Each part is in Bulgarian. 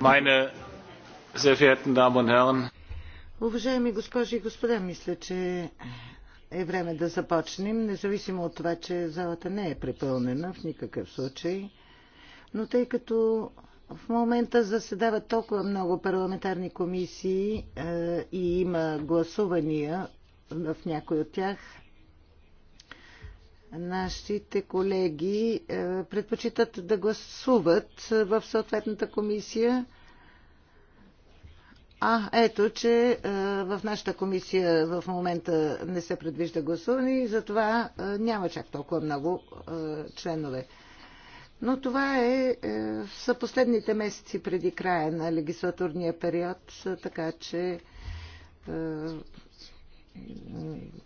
Meine sehr verehrten Damen und Herren, Уважаеми госпожи и господа, мисля, че е време да започнем, независимо от това, че залата не е препълнена в никакъв случай. Но тъй като в момента заседават толкова много парламентарни комисии е, и има гласувания в някои от тях, нашите колеги е, предпочитат да гласуват е, в съответната комисия. А, ето, че е, в нашата комисия в момента не се предвижда гласуване и затова няма чак толкова много членове. Но това е, са последните месеци преди края на легислатурния период, така че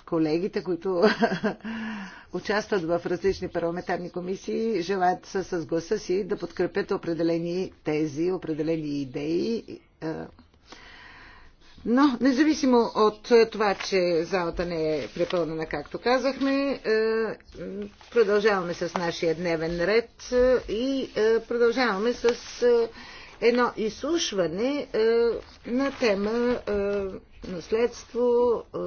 колегите, които участват в различни парламентарни комисии, желаят с гласа си да подкрепят определени тези, определени идеи. Е, но, независимо от това, че залата не е препълнена, както казахме, е, продължаваме с нашия дневен ред е, и продължаваме с едно изслушване на тема наследство, е,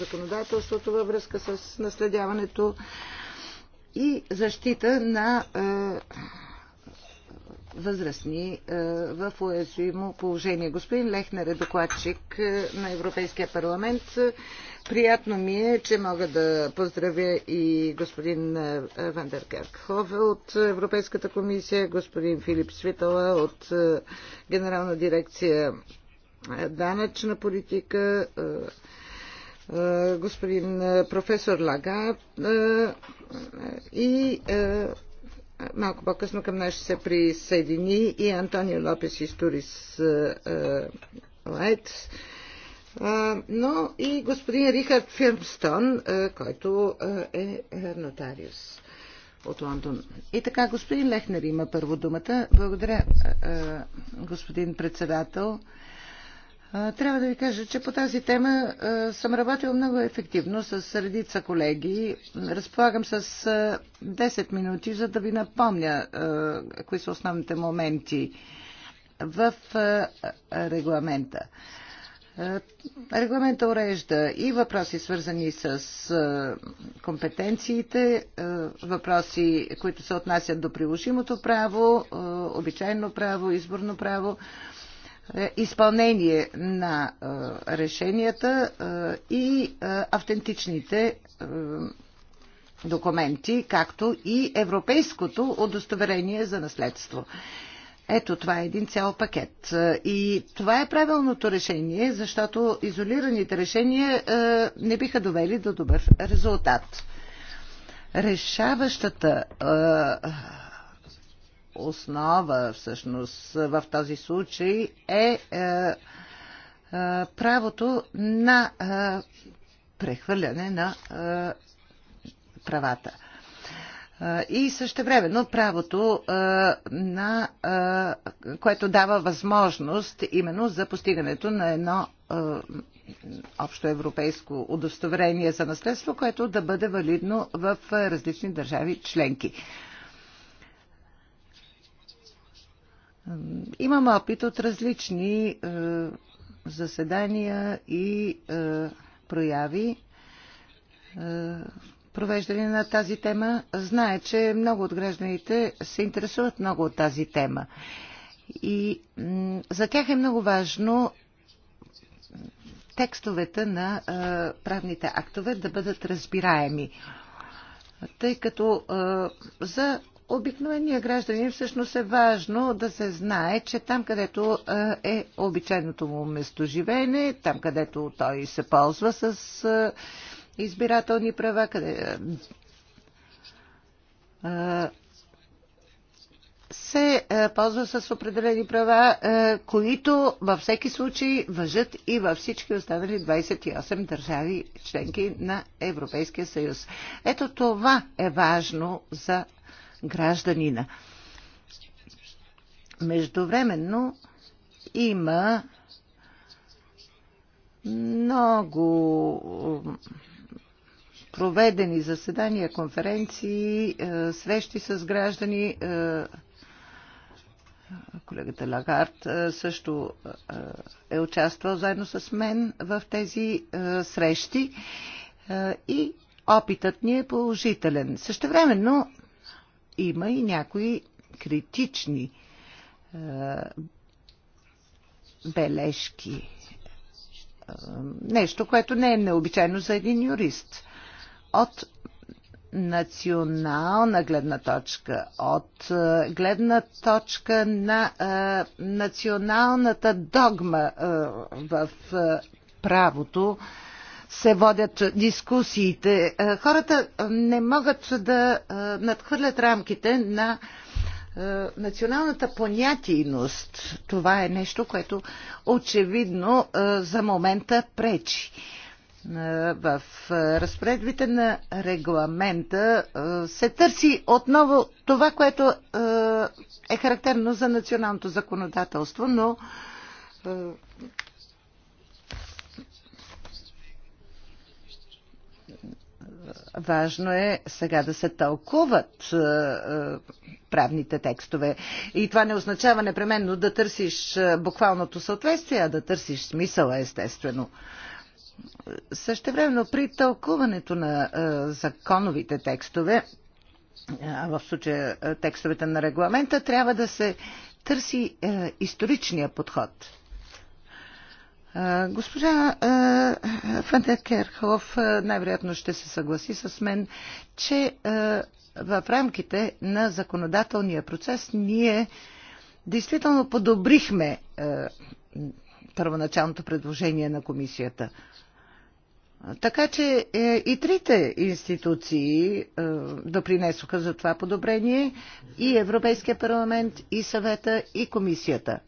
законодателството във връзка с наследяването и защита на е, възрастни е, в уязвимо положение. Господин Лехнер е докладчик на Европейския парламент. Приятно ми е, че мога да поздравя и господин Вандеркерк Хове от Европейската комисия, господин Филип Свитала от Генерална дирекция е, данъчна политика. Е, е, господин професор Лага и малко по-късно към нас ще се присъедини и Антонио Лопес Историс Лайт, но и господин Рихард Фирмстон, който е нотариус от Лондон. И така, господин Лехнер има първо думата. Благодаря, господин председател. Трябва да ви кажа, че по тази тема съм работил много ефективно с редица колеги. Разполагам с 10 минути, за да ви напомня кои са основните моменти в регламента. Регламента урежда и въпроси свързани с компетенциите, въпроси, които се отнасят до приложимото право, обичайно право, изборно право, е, изпълнение на е, решенията е, и автентичните документи, както и европейското удостоверение за наследство. Ето, това е един цял пакет. И това е правилното решение, защото изолираните решения не биха довели до добър резултат. Решаващата основа всъщност в този случай е, е, е правото на е, прехвърляне на правата. И също времено правото, на, което дава възможност именно за постигането на едно общо европейско удостоверение за наследство, което да бъде валидно в различни държави членки. Имам опит от различни е, заседания и е, прояви, е, провеждани на тази тема. Знае, че много от гражданите се интересуват много от тази тема. И за тях е много важно текстовете на е, правните актове да бъдат разбираеми тъй като е, за обикновения гражданин всъщност е важно да се знае, че там където е обичайното му местоживеене, там където той се ползва с избирателни права, къде се ползва с определени права, които във всеки случай въжат и във всички останали 28 държави членки на Европейския съюз. Ето това е важно за гражданина. Междувременно има много проведени заседания, конференции, е, срещи с граждани. Е, колегата Лагард е, също е участвал заедно с мен в тези срещи и опитът ни е положителен. Същевременно има и някои критични е, бележки. Е, нещо, което не е необичайно за един юрист. От национална гледна точка, от е, гледна точка на е, националната догма е, в е, правото, е, се водят дискусиите. Е, хората е, не могат да е, надхвърлят рамките на националната понятийност. Това е нещо, което очевидно за момента пречи. В разпредвите на регламента се търси отново това, което е характерно за националното законодателство, но Важно е сега да се тълкуват е, е, правните текстове. И това не означава непременно да търсиш е, буквалното съответствие, а да търсиш смисъла, естествено. Същевременно при тълкуването на законовите текстове, в случая текстовете на регламента, трябва да се търси историчния подход – Госпожа Фантер Керхов най-вероятно ще се съгласи с мен, че в рамките на законодателния процес ние действително подобрихме първоначалното предложение на комисията. Така че е, и трите институции допринесоха за това подобрение и Европейския парламент, и съвета, и комисията.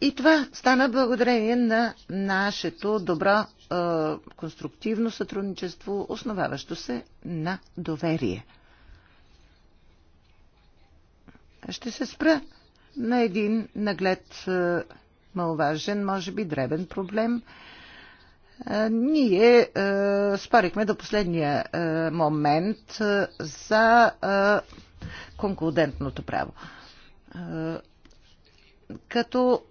И това стана благодарение на нашето добро е, конструктивно сътрудничество, основаващо се на доверие. Ще се спра на един наглед е, маловажен, може би дребен проблем. Е, ние е, спорихме до последния е, момент е, за е, конкурентното право. Е, като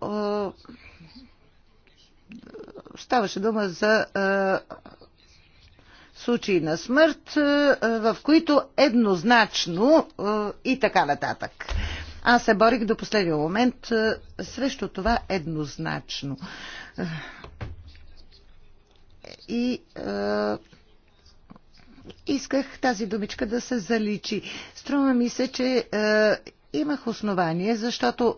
ставаше дума за случаи на смърт, в които еднозначно и така нататък. Аз се борих до последния момент срещу това еднозначно. И исках тази думичка да се заличи. Струва ми се, че а, имах основание, защото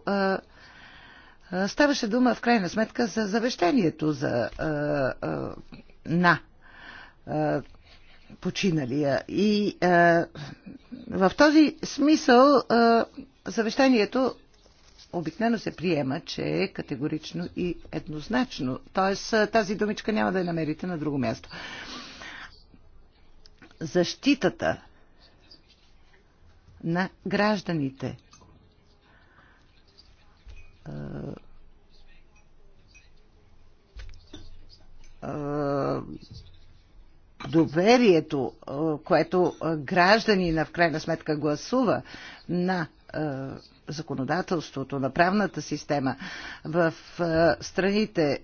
Ставаше дума в крайна сметка за завещанието за, а, а, на а, починалия. И а, в този смисъл а, завещанието обикновено се приема, че е категорично и еднозначно. Тоест тази думичка няма да я намерите на друго място. Защитата на гражданите – доверието, което гражданина в крайна сметка гласува на законодателството, на правната система в страните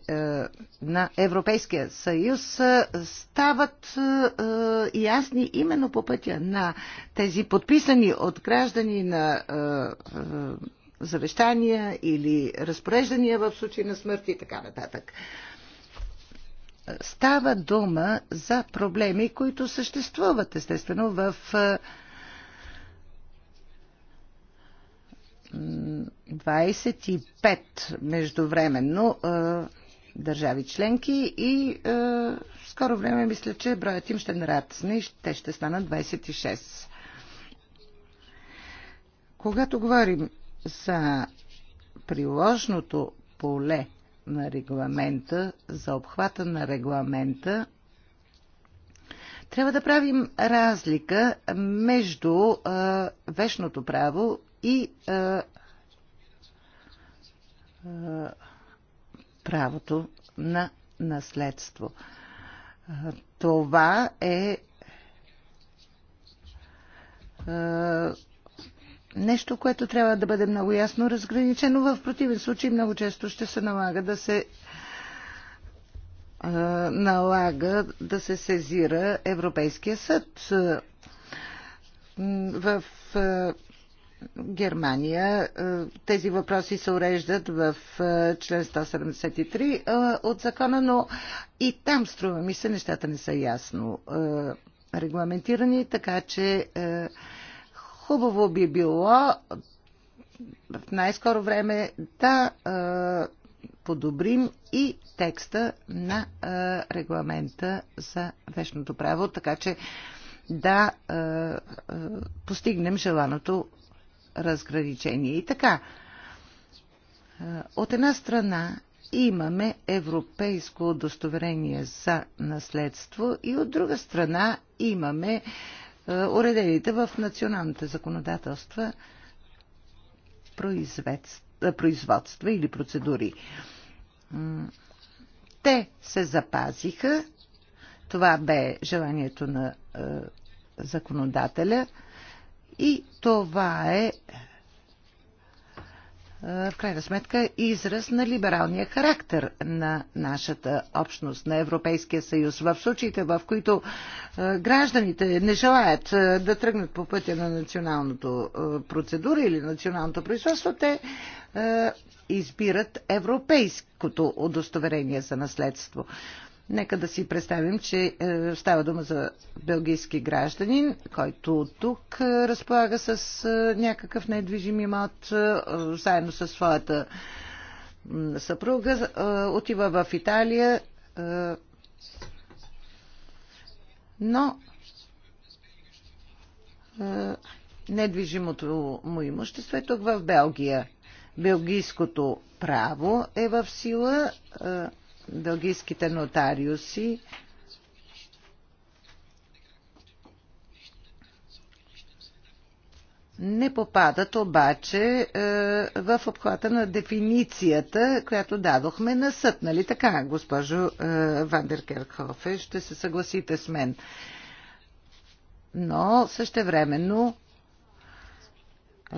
на Европейския съюз стават ясни именно по пътя на тези подписани от граждани на завещания или разпореждания в случай на смърт и така нататък. Става дума за проблеми, които съществуват естествено в е, 25 междувременно е, държави членки и е, в скоро време мисля, че броят им ще нарасне и те ще станат 26. Когато говорим за приложното поле на регламента, за обхвата на регламента, трябва да правим разлика между а, вечното право и а, а, правото на наследство. А, това е а, нещо, което трябва да бъде много ясно разграничено. В противен случай много често ще се налага да се налага да се сезира Европейския съд. В Германия тези въпроси се уреждат в член 173 от закона, но и там, струва ми се, нещата не са ясно регламентирани, така че Хубаво би било в най-скоро време да подобрим и текста на регламента за вечното право, така че да постигнем желаното разграничение. И така, от една страна имаме европейско удостоверение за наследство и от друга страна имаме е, уредените в националните законодателства е, производства или процедури. Те се запазиха. Това бе желанието на е, законодателя и това е в крайна сметка израз на либералния характер на нашата общност, на Европейския съюз. В случаите, в които гражданите не желаят да тръгнат по пътя на националното процедура или националното производство, те избират европейското удостоверение за наследство. Нека да си представим, че е, става дума за белгийски гражданин, който тук е, разполага с е, някакъв недвижим имот, заедно с своята съпруга, отива в Италия, но недвижимото му имущество е тук в Белгия. Белгийското право е в сила белгийските нотариуси. не попадат обаче е, в обхвата на дефиницията, която дадохме на съд. Нали така, госпожо е, Вандеркерхофе, ще се съгласите с мен. Но същевременно е,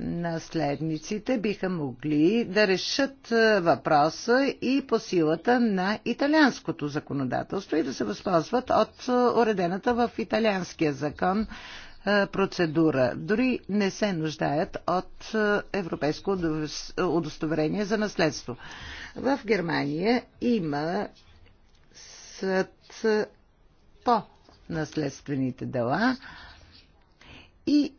наследниците биха могли да решат въпроса и по силата на италианското законодателство и да се възползват от уредената в италианския закон процедура. Дори не се нуждаят от европейско удостоверение за наследство. В Германия има съд по наследствените дела и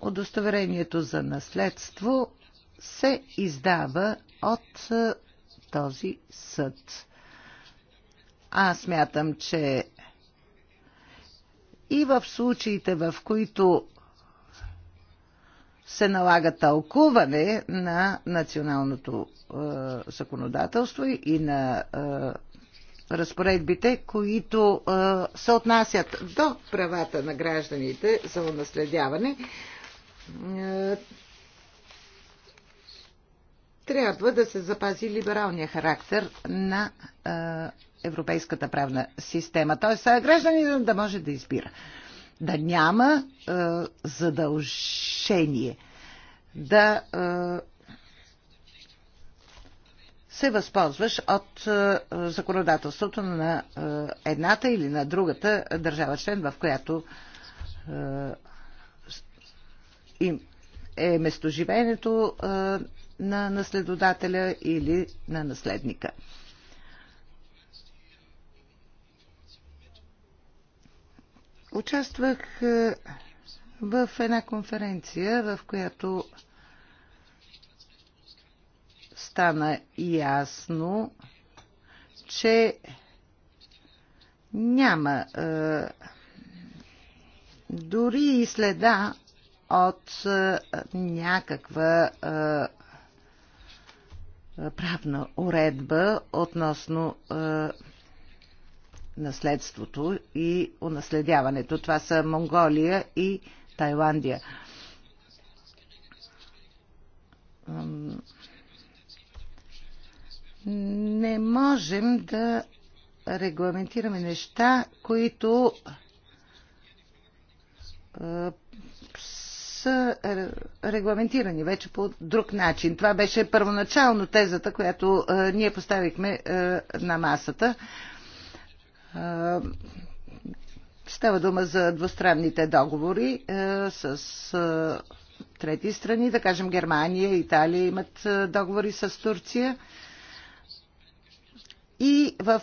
удостоверението за наследство се издава от е, този съд. Аз смятам, че и в случаите, в които се налага тълкуване на националното е, законодателство и на е, разпоредбите, които е, се отнасят до правата на гражданите за унаследяване, е, трябва да се запази либералния характер на е, европейската правна система. Т.е. гражданинът да може да избира. Да няма е, задължение да се възползваш от законодателството на едната или на другата държава член, в която и е местоживеенето на наследодателя или на наследника. Участвах в една конференция, в която стана ясно, че няма а, дори и следа от е, някаква е, правна уредба относно е, наследството и унаследяването. Това са Монголия и Тайландия. Не можем да регламентираме неща, които са е, регламентирани вече по друг начин. Това беше първоначално тезата, която е, ние поставихме е, на масата. Става дума за двустранните договори с трети страни, да кажем Германия, Италия имат договори с Турция. И в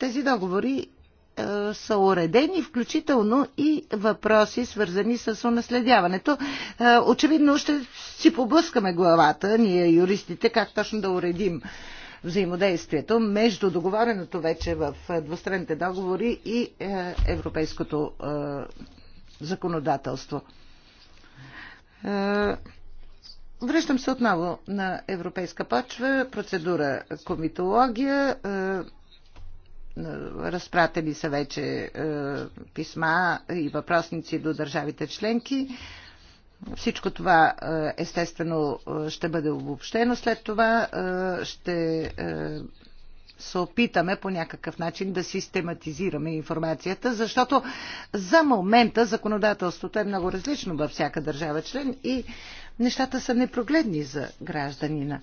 тези договори е, са уредени, включително и въпроси, свързани с унаследяването. Е, очевидно ще си поблъскаме главата, ние юристите, как точно да уредим взаимодействието между договореното вече в двустранните договори и е, европейското законодателство. Връщам се отново на европейска почва, процедура комитология разпратени са вече е, писма и въпросници до държавите членки. Всичко това е, естествено ще бъде обобщено. След това е, ще се опитаме по някакъв начин да систематизираме информацията, защото за момента законодателството е много различно във всяка държава член и нещата са непрогледни за гражданина.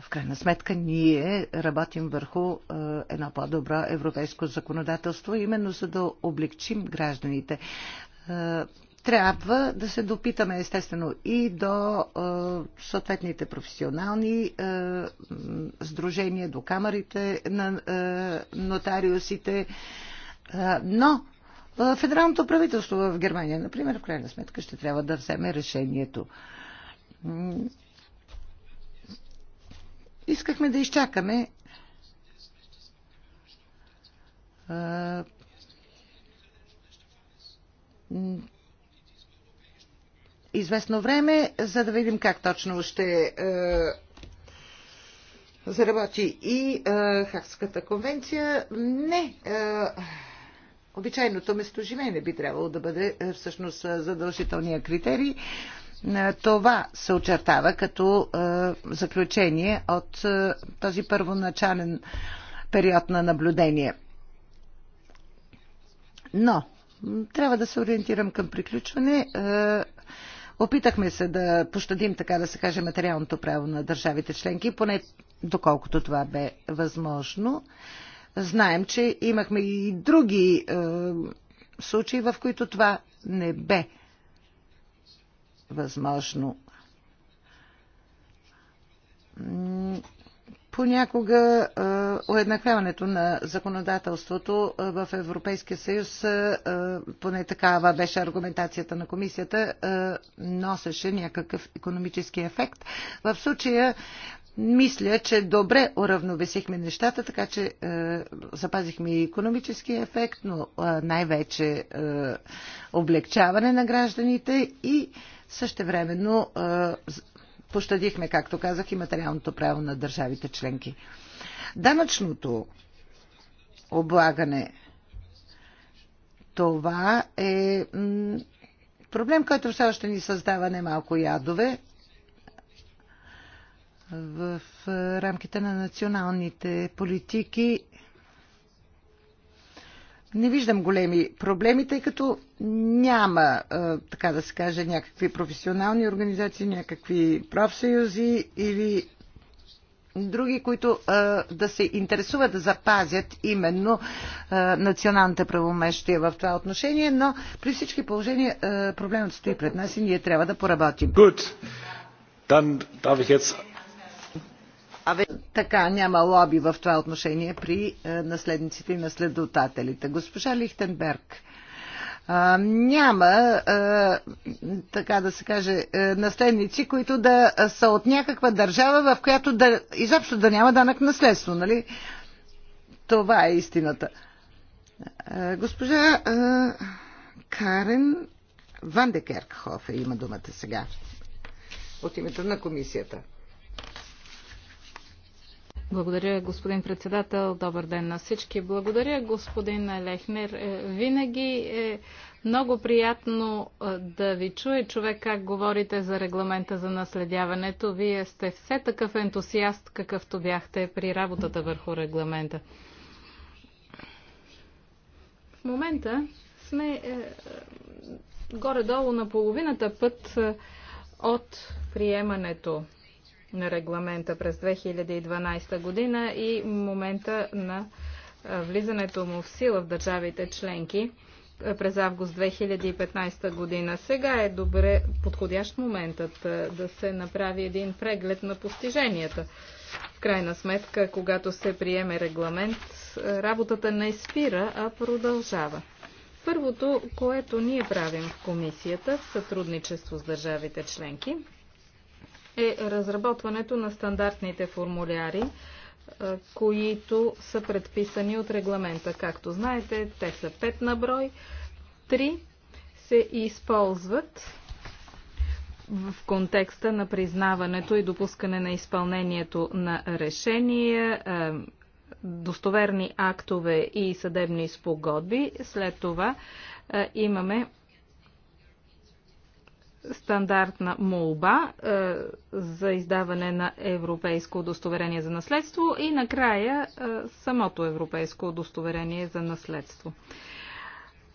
в крайна сметка ние работим върху едно по-добро европейско законодателство, именно за да облегчим гражданите. Трябва да се допитаме естествено и до съответните професионални сдружения, до камерите на нотариусите, но федералното правителство в Германия, например, в крайна сметка ще трябва да вземе решението Искахме да изчакаме известно време, за да видим как точно ще заработи и Хакската конвенция. Не, обичайното местоживеене би трябвало да бъде всъщност задължителния критерий. Е, това се очертава като е, заключение от е, този първоначален период на наблюдение. Но трябва да се ориентирам към приключване. Опитахме се да пощадим, така да се каже, материалното право на държавите членки, поне доколкото това бе възможно. Знаем, че имахме и други е, случаи, в които това не бе възможно. Понякога уеднаквяването на законодателството в Европейския съюз, поне такава беше аргументацията на комисията, носеше някакъв економически ефект. В случая мисля, че добре уравновесихме нещата, така че е, запазихме и економически ефект, но е, най-вече е, облегчаване на гражданите и е, Същевременно пощадихме, както казах, и материалното право на държавите членки. Данъчното облагане това е проблем, който все още ни създава немалко ядове в рамките на националните политики не виждам големи проблеми, тъй като няма, така да се каже, някакви професионални организации, някакви профсъюзи или други, които да се интересуват да запазят именно националните правомещия в това отношение, но при всички положения проблемът стои пред нас и ние трябва да поработим. Добре. Dann darf ich jetzt така, няма лоби в това отношение при е, наследниците и наследотателите. Госпожа Лихтенберг, а, е, няма, а, е, така да се каже, наследници, които да са от някаква държава, в която да, изобщо да няма данък наследство, нали? Това е истината. А, госпожа а, Карен Вандекеркхофе има думата сега от името на комисията. Благодаря, господин председател. Добър ден на всички. Благодаря, господин Лехнер. Е, винаги е много приятно е, да ви чуе човек как говорите за регламента за наследяването. Вие сте все такъв ентусиаст, какъвто бяхте при работата върху регламента. В момента сме е, горе-долу на половината път е, от приемането на регламента през 2012 година и момента на влизането му в сила в държавите членки през август 2015 година. Сега е добре подходящ моментът да се направи един преглед на постиженията. В крайна сметка, когато се приеме регламент, работата не спира, а продължава. Първото, което ние правим в комисията в сътрудничество с държавите членки, е разработването на стандартните формуляри, които са предписани от регламента. Както знаете, те са 5 на брой. 3 се използват в контекста на признаването и допускане на изпълнението на решения, достоверни актове и съдебни спогодби. След това имаме стандартна молба е, за издаване на европейско удостоверение за наследство и накрая е, самото европейско удостоверение за наследство.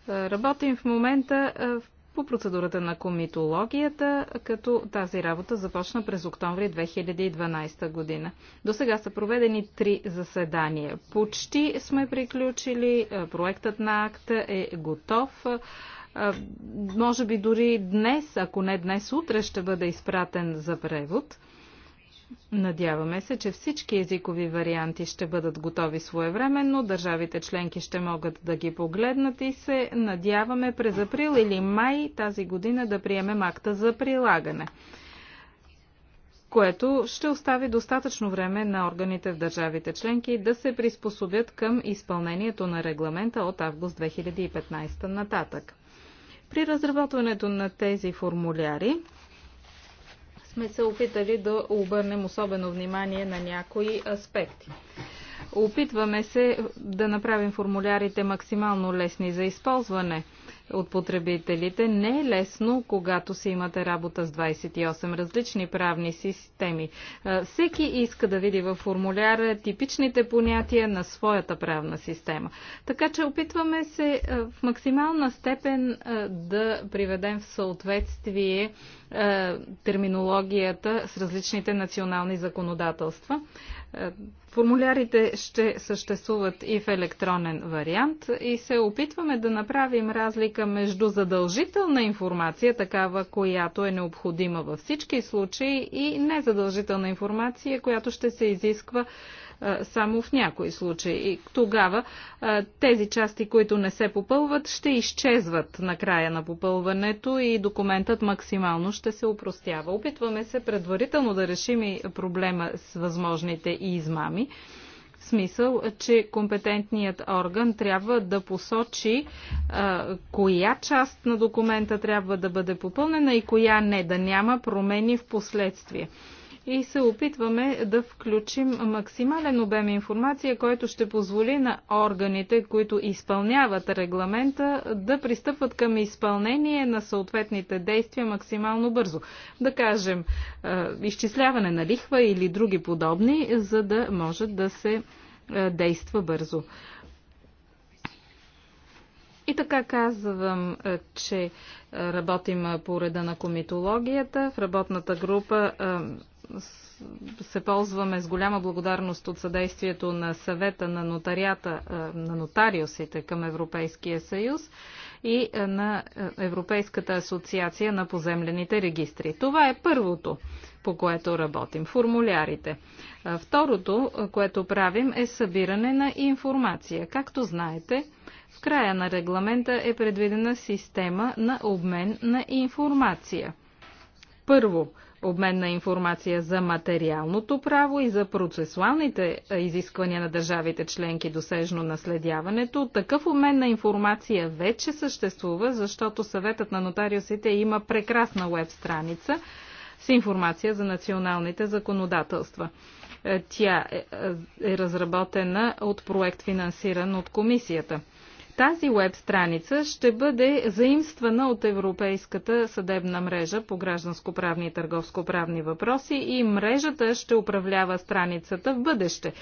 Е, работим в момента е, по процедурата на комитологията, като тази работа започна през октомври 2012 година. До сега са проведени три заседания. Почти сме приключили, е, проектът на акта е готов. Е, може би дори днес, ако не днес, утре ще бъде изпратен за превод. Надяваме се, че всички езикови варианти ще бъдат готови своевременно, държавите членки ще могат да ги погледнат и се надяваме през април или май тази година да приемем акта за прилагане, което ще остави достатъчно време на органите в държавите членки да се приспособят към изпълнението на регламента от август 2015 нататък. При разработването на тези формуляри сме се опитали да обърнем особено внимание на някои аспекти. Опитваме се да направим формулярите максимално лесни за използване – от потребителите не е лесно, когато си имате работа с 28 различни правни системи. Всеки иска да види във формуляра типичните понятия на своята правна система. Така че опитваме се в максимална степен да приведем в съответствие терминологията с различните национални законодателства. Формулярите ще съществуват и в електронен вариант и се опитваме да направим разлика между задължителна информация, такава, която е необходима във всички случаи, и незадължителна информация, която ще се изисква само в някои случаи. И тогава тези части, които не се попълват, ще изчезват на края на попълването и документът максимално ще се упростява. Опитваме се предварително да решим и проблема с възможните измами. В смисъл, че компетентният орган трябва да посочи а, коя част на документа трябва да бъде попълнена и коя не, да няма промени в последствие и се опитваме да включим максимален обем информация, който ще позволи на органите, които изпълняват регламента, да пристъпват към изпълнение на съответните действия максимално бързо. Да кажем, изчисляване на лихва или други подобни, за да може да се действа бързо. И така казвам, че работим по реда на комитологията. В работната група се ползваме с голяма благодарност от съдействието на съвета на нотарията, на нотариусите към Европейския съюз и на Европейската асоциация на поземлените регистри. Това е първото, по което работим формулярите. Второто, което правим, е събиране на информация. Както знаете, в края на регламента е предвидена система на обмен на информация. Първо, обмен на информация за материалното право и за процесуалните изисквания на държавите членки досежно наследяването. Такъв обмен на информация вече съществува, защото съветът на нотариусите има прекрасна веб страница с информация за националните законодателства. Е, тя е, е, е разработена от проект финансиран от комисията. Тази веб страница ще бъде заимствана от Европейската съдебна мрежа по гражданско-правни и търговско-правни въпроси и мрежата ще управлява страницата в бъдеще.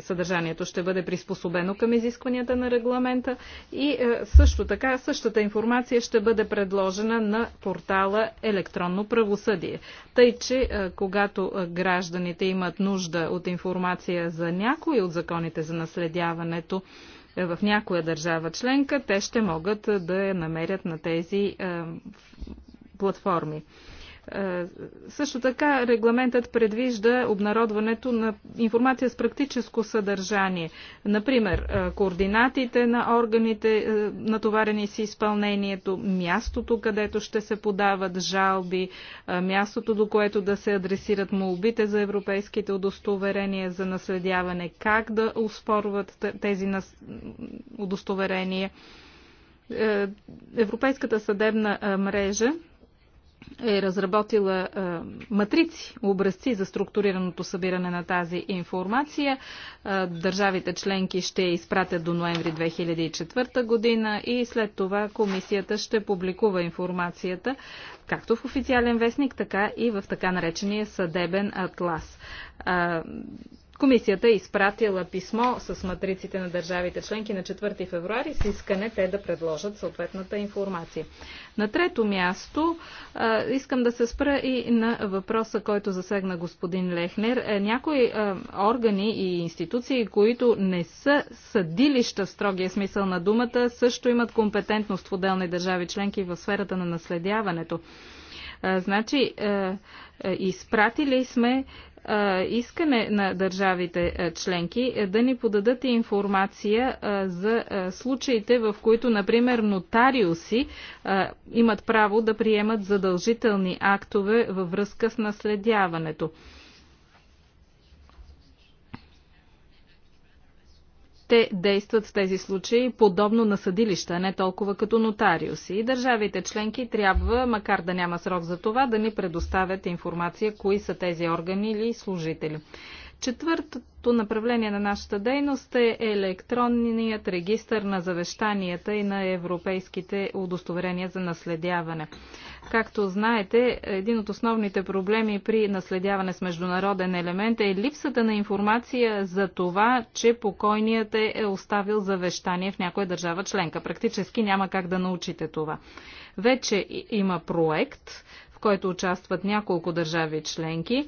Съдържанието ще бъде приспособено към изискванията на регламента и е, също така същата информация ще бъде предложена на портала Електронно правосъдие. Тъй, че е, когато е, гражданите имат нужда от информация за някои от законите за наследяването, в някоя държава членка, те ще могат да я намерят на тези платформи. Е, също така регламентът предвижда обнародването на информация с практическо съдържание. Например, е, координатите на органите, е, натоварени с изпълнението, мястото, където ще се подават жалби, мястото, до което да се адресират молбите за европейските удостоверения за наследяване, как да успорват тези удостоверения. Европейската съдебна мрежа е разработила е, матрици, образци за структурираното събиране на тази информация. Е, държавите членки ще изпратят до ноември 2004 година и след това комисията ще публикува информацията както в официален вестник, така и в така наречения съдебен атлас. Е, Комисията е изпратила писмо с матриците на държавите членки на 4 февруари с искане те да предложат съответната информация. На трето място искам да се спра и на въпроса, който засегна господин Лехнер. Е, някои органи и институции, които не са съдилища в строгия смисъл на думата, също имат компетентност в отделни държави членки в сферата на наследяването. Значи, е, е, изпратили сме искане на държавите членки е да ни подадат информация за случаите, в които, например, нотариуси имат право да приемат задължителни актове във връзка с наследяването. те действат в тези случаи подобно на съдилища, не толкова като нотариуси. И държавите членки трябва, макар да няма срок за това, да ни предоставят информация, кои са тези органи или служители. Четвъртото направление на нашата дейност е електронният регистр на завещанията и на европейските удостоверения за наследяване. Както знаете, един от основните проблеми при наследяване с международен елемент е липсата на информация за това, че покойният е, е оставил завещание в някоя държава членка. Практически няма как да научите това. Вече има проект, в който участват няколко държави членки е,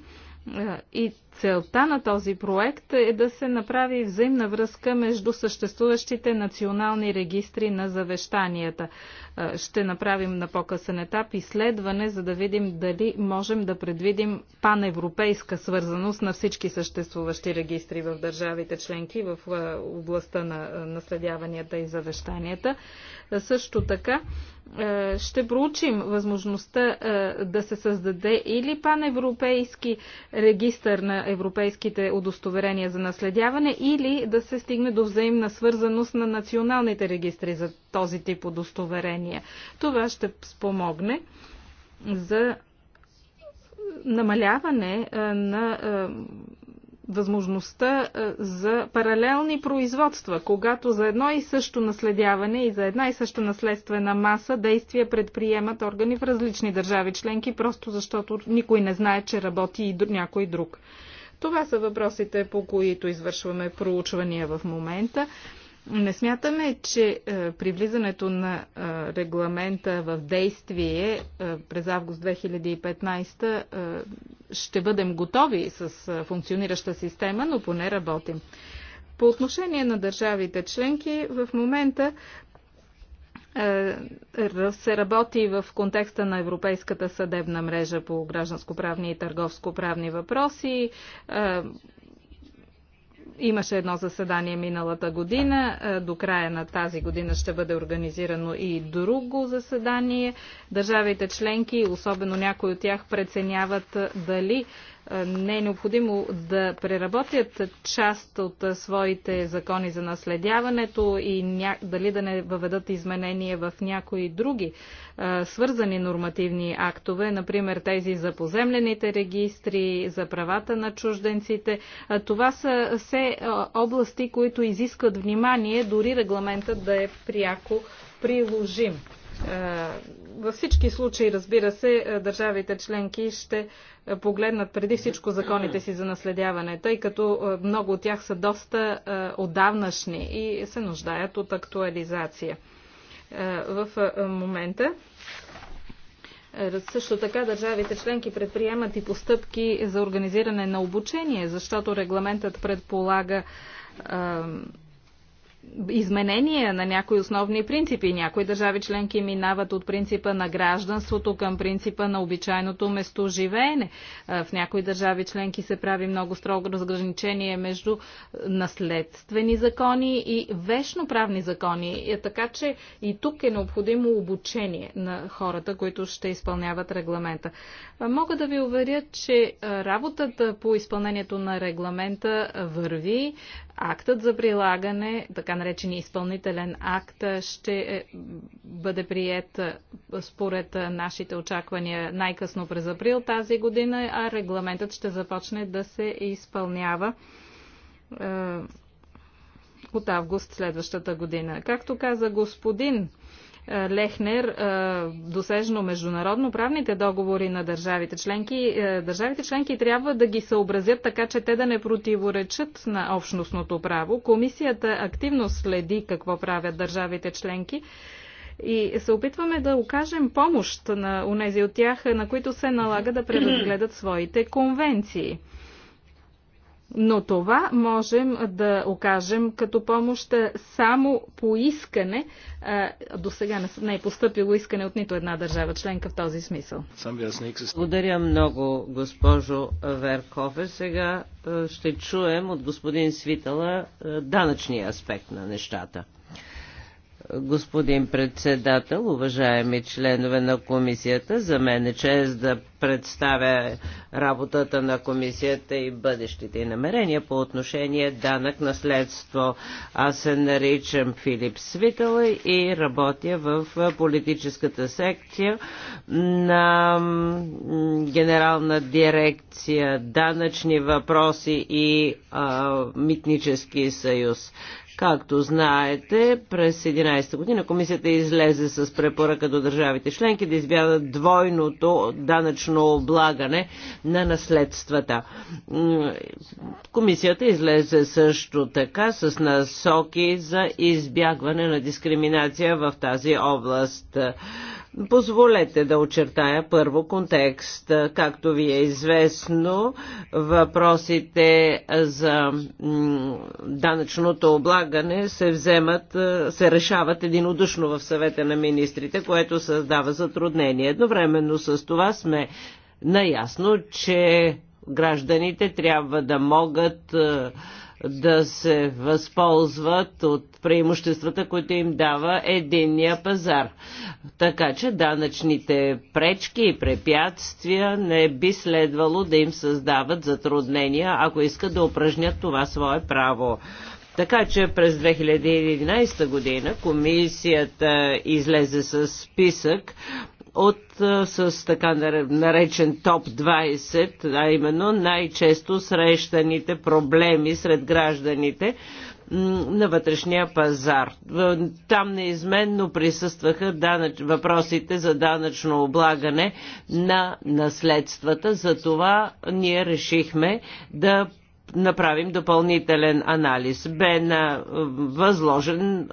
и Целта на този проект е да се направи взаимна връзка между съществуващите национални регистри на завещанията. Ще направим на по-късен етап изследване, за да видим дали можем да предвидим паневропейска свързаност на всички съществуващи регистри в държавите членки в областта на наследяванията и завещанията. Също така ще проучим възможността да се създаде или паневропейски регистър на европейските удостоверения за наследяване или да се стигне до взаимна свързаност на националните регистри за този тип удостоверения. Това ще спомогне за намаляване е, на е, възможността е, за паралелни производства, когато за едно и също наследяване и за една и съща наследствена маса действия предприемат органи в различни държави членки, просто защото никой не знае, че работи и някой друг. Това са въпросите, по които извършваме проучвания в момента. Не смятаме, че е, при влизането на е, регламента в действие е, през август 2015 ще бъдем готови с функционираща система, но поне работим. По отношение на държавите членки, в момента е, се работи в контекста на Европейската съдебна мрежа по гражданско-правни и търговско-правни въпроси. Е, имаше едно заседание миналата година. Е, до края на тази година ще бъде организирано и друго заседание. Държавите членки, особено някои от тях, преценяват дали не е необходимо да преработят част от своите закони за наследяването и ня... дали да не въведат изменения в някои други а, свързани нормативни актове, например тези за поземлените регистри, за правата на чужденците. А, това са все области, които изискват внимание, дори регламентът да е пряко приложим във всички случаи, разбира се, е, държавите членки ще е, погледнат преди всичко законите си за наследяване, тъй като е, много от тях са доста отдавнашни и се нуждаят от актуализация. В момента също така държавите членки предприемат и постъпки за организиране на обучение, защото регламентът предполага изменения на някои основни принципи. Някои държави членки минават от принципа на гражданството към принципа на обичайното место живеене. В някои държави членки се прави много строго разграничение между наследствени закони и правни закони. Е, така че и тук е необходимо обучение на хората, които ще изпълняват регламента. Мога да ви уверя, че работата по изпълнението на регламента върви. Актът за прилагане, така наречен изпълнителен акт, ще е, бъде прият е, според е, нашите очаквания най-късно през април тази година, а регламентът ще започне да се изпълнява от август следващата година. Както каза господин Лехнер, досежно международно правните договори на държавите членки, е, държавите членки трябва да ги съобразят така, че те да не противоречат на общностното право. Комисията активно следи какво правят държавите членки и се опитваме да окажем помощ на унези от тях, на които се налага да преразгледат своите конвенции. Но това можем да окажем като помощ само по искане. До сега не е поступило искане от нито една държава членка в този смисъл. Благодаря много, госпожо Верхове. Сега ще чуем от господин Свитала данъчния аспект на нещата. Господин председател, уважаеми членове на комисията, за мен е чест да представя работата на комисията и бъдещите и намерения по отношение данък наследство. Аз се наричам Филип Свител и работя в политическата секция на Генерална дирекция данъчни въпроси и а, митнически съюз. Както знаете, през 11-та година комисията излезе с препоръка до държавите членки да избягат двойното данъчно данъчно облагане на наследствата. Комисията излезе също така с насоки за избягване на дискриминация в тази област. Позволете да очертая първо контекст. Както ви е известно, въпросите за данъчното облагане се вземат, е, се решават единодушно в съвета на министрите, което създава затруднение. Едновременно с това сме наясно, че гражданите трябва да могат е, да се възползват от преимуществата, които им дава единния пазар. Така че данъчните пречки и препятствия не би следвало да им създават затруднения, ако искат да упражнят това свое право. Така че през 2011 година комисията излезе с списък от, с така наречен топ 20, а именно най-често срещаните проблеми сред гражданите на вътрешния пазар. Там неизменно присъстваха данъч... въпросите за данъчно облагане на наследствата. Затова ние решихме да направим допълнителен анализ. Бе на възложен е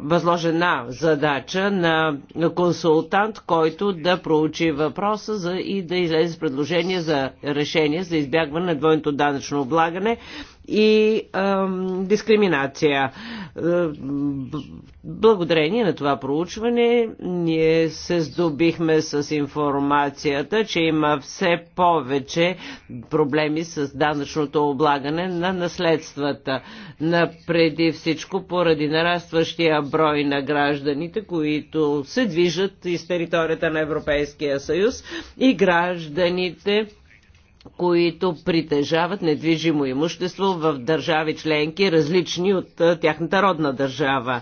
възложена задача на консултант, който да проучи въпроса за, и да излезе с предложение за решение за избягване на двойното данъчно облагане и ам, дискриминация. Е, благодарение на това проучване ние се здобихме с информацията, че има все повече проблеми с данъчното облагане на наследствата. Напреди преди всичко поради нарастващия брой на гражданите, които се движат из територията на Европейския съюз и гражданите, които притежават недвижимо имущество в държави членки, различни от тяхната родна държава.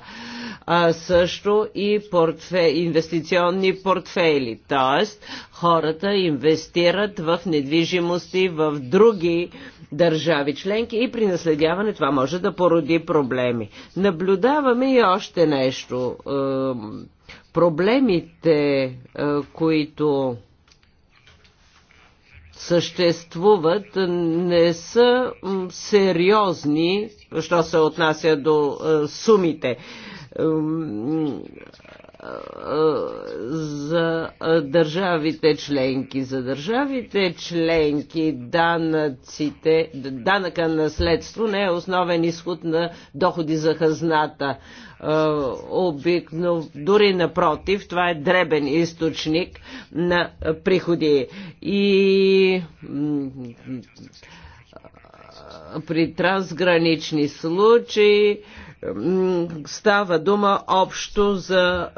А също и портфе, инвестиционни портфейли, т.е. хората инвестират в недвижимости в други държави членки и при наследяване това може да породи проблеми. Наблюдаваме и още нещо. Проблемите, които съществуват, не са сериозни, що се отнася до е, сумите за държавите членки. За държавите членки данъците, данъка наследство не е основен изход на доходи за хазната. Е, обикно, дори напротив, това е дребен източник на приходи. И при трансгранични случаи Става дума общо за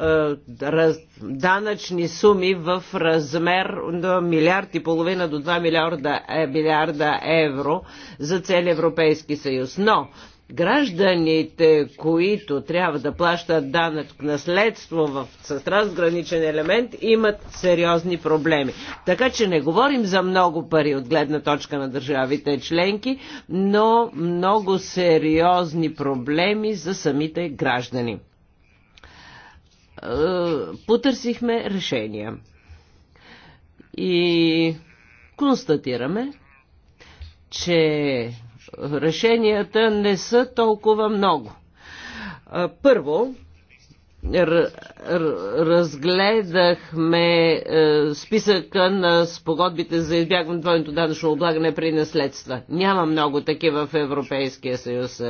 е, данъчни суми в размер на милиард и половина до 2 милиарда, е, милиарда евро за цели Европейски съюз. Но Гражданите, които трябва да плащат данък наследство в, с трансграничен елемент, имат сериозни проблеми. Така че не говорим за много пари от гледна точка на държавите членки, но много сериозни проблеми за самите граждани. Е, потърсихме решения и констатираме, че решенията не са толкова много. Първо, разгледахме е, списъка на спогодбите за избягване двойното данъчно облагане при наследства. Няма много такива в Европейския съюз.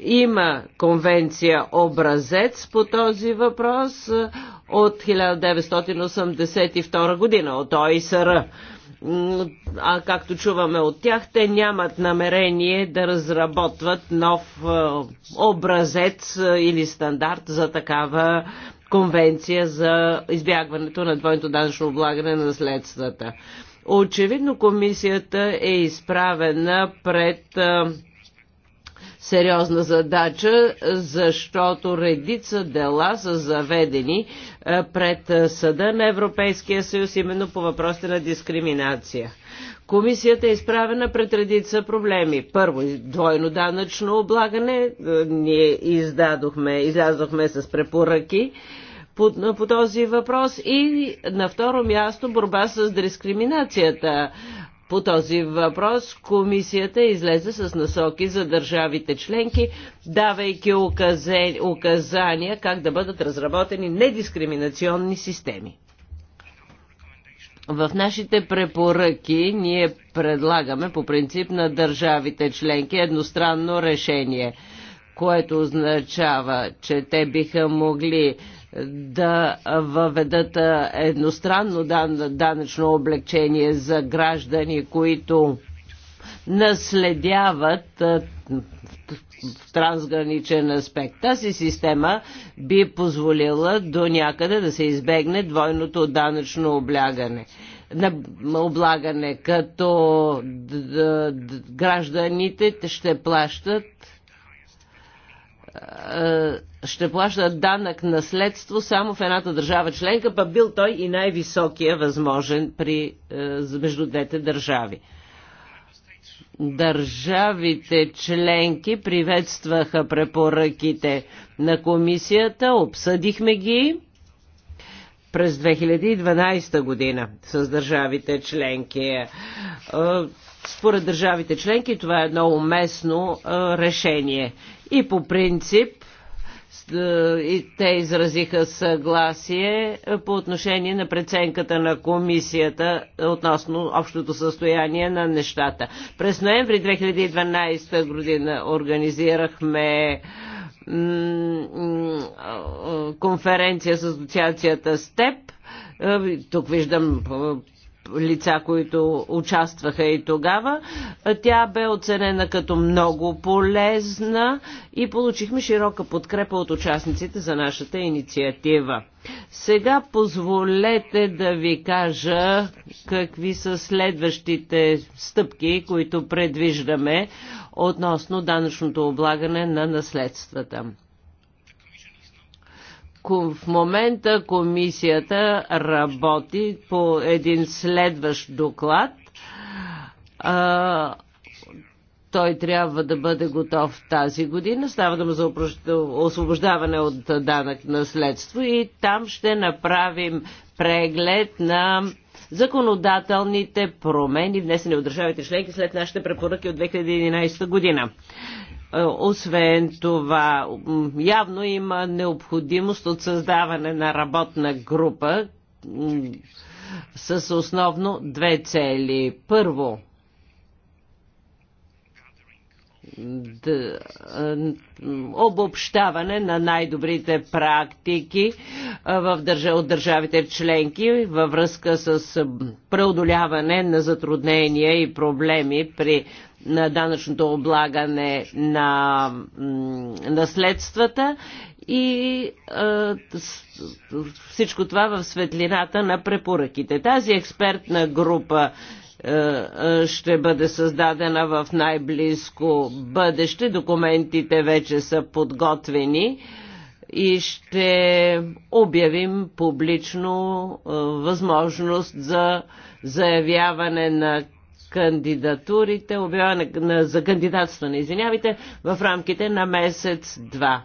Има конвенция образец по този въпрос е, от 1982 година от ОИСР а както чуваме от тях, те нямат намерение да разработват нов е, образец е, или стандарт за такава конвенция за избягването на двойното данъчно облагане на наследствата. Очевидно комисията е изправена пред е, сериозна задача, защото редица дела са заведени е, пред е, Съда на Европейския съюз именно по въпросите на дискриминация. Комисията е изправена пред редица проблеми. Първо, двойно данъчно облагане. Е, ние издадохме, излязохме с препоръки по, по този въпрос. И на второ място борба с дискриминацията. По този въпрос комисията излезе с насоки за държавите членки, давайки указания как да бъдат разработени недискриминационни системи. В нашите препоръки ние предлагаме по принцип на държавите членки едностранно решение, което означава, че те биха могли да въведат едностранно дан, данъчно облегчение за граждани, които наследяват в трансграничен аспект. Тази система би позволила до някъде да се избегне двойното данъчно облягане на облагане, като гражданите ще плащат е, ще плащат данък наследство само в едната държава членка, па бил той и най-високия възможен при, е, между двете държави. Държавите членки приветстваха препоръките на комисията, обсъдихме ги през 2012 година с държавите членки. Е, според държавите членки това е едно уместно решение. И по принцип е, те изразиха съгласие по отношение на преценката на комисията относно общото състояние на нещата. През ноември 2012 година организирахме конференция с асоциацията СТЕП. Е, тук виждам е, лица, които участваха и тогава. Тя бе оценена като много полезна и получихме широка подкрепа от участниците за нашата инициатива. Сега позволете да ви кажа какви са следващите стъпки, които предвиждаме относно данъчното облагане на наследствата. В момента комисията работи по един следващ доклад. А, той трябва да бъде готов тази година. Става дума за освобождаване от данък наследство и там ще направим преглед на законодателните промени, внесени от държавите членки след нашите препоръки от 2011 година. Е, освен това, явно има необходимост от създаване на работна група с основно две цели. Първо, е, обобщаване на най-добрите практики в държа, от държавите членки във връзка с преодоляване на затруднения и проблеми при на данъчното облагане на наследствата и е, всичко това в светлината на препоръките. Тази експертна група ще бъде създадена в най-близко бъдеще. Документите вече са подготвени и ще обявим публично е, възможност за заявяване на кандидатурите, обявяване на, за кандидатстване, извинявайте, в рамките на месец-два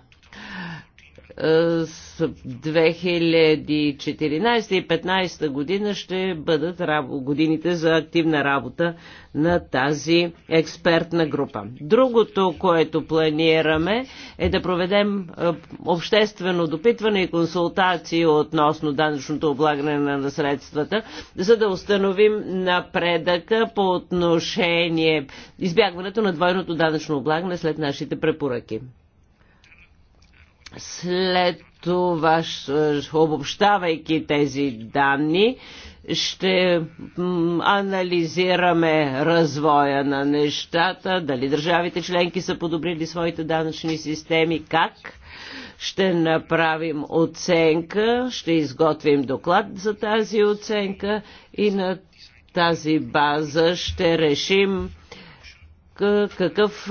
с 2014 и 2015 година ще бъдат годините за активна работа на тази експертна група. Другото, което планираме е да проведем е, обществено допитване и консултации относно данъчното облагане на средствата, за да установим напредъка по отношение избягването на двойното данъчно облагане след нашите препоръки. След това, обобщавайки тези данни, ще анализираме развоя на нещата, дали държавите членки са подобрили своите данъчни системи, как ще направим оценка, ще изготвим доклад за тази оценка и на тази база ще решим какъв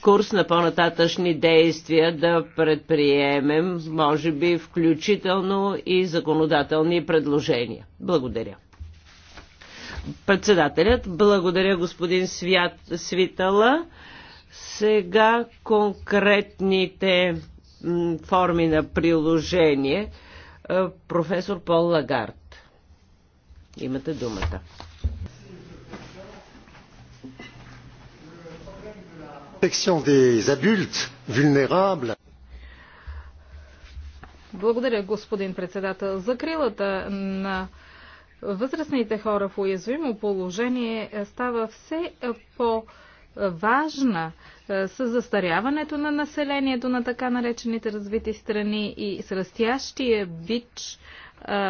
курс на по-нататъчни действия да предприемем, може би включително и законодателни предложения. Благодаря. Председателят, благодаря господин Свят, Свитала. Сега конкретните форми на приложение. Е, професор Пол Лагард. Имате думата. protection des adultes vulnérables. Благодаря, господин председател. Закрилата на възрастните хора в уязвимо положение става все по- важна с застаряването на населението на така наречените развити страни и с растящия бич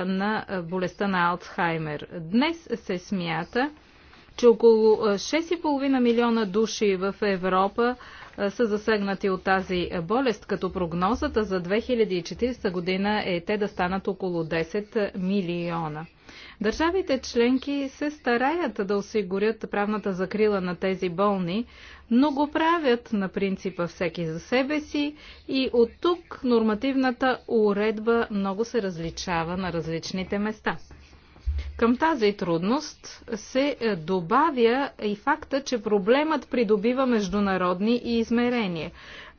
на болестта на Алцхаймер. Днес се смята, че около 6,5 милиона души в Европа са засегнати от тази болест, като прогнозата за 2040 година е те да станат около 10 милиона. Държавите членки се стараят да осигурят правната закрила на тези болни, но го правят на принципа всеки за себе си и от тук нормативната уредба много се различава на различните места. Към тази трудност се е, добавя и факта, че проблемът придобива международни измерения.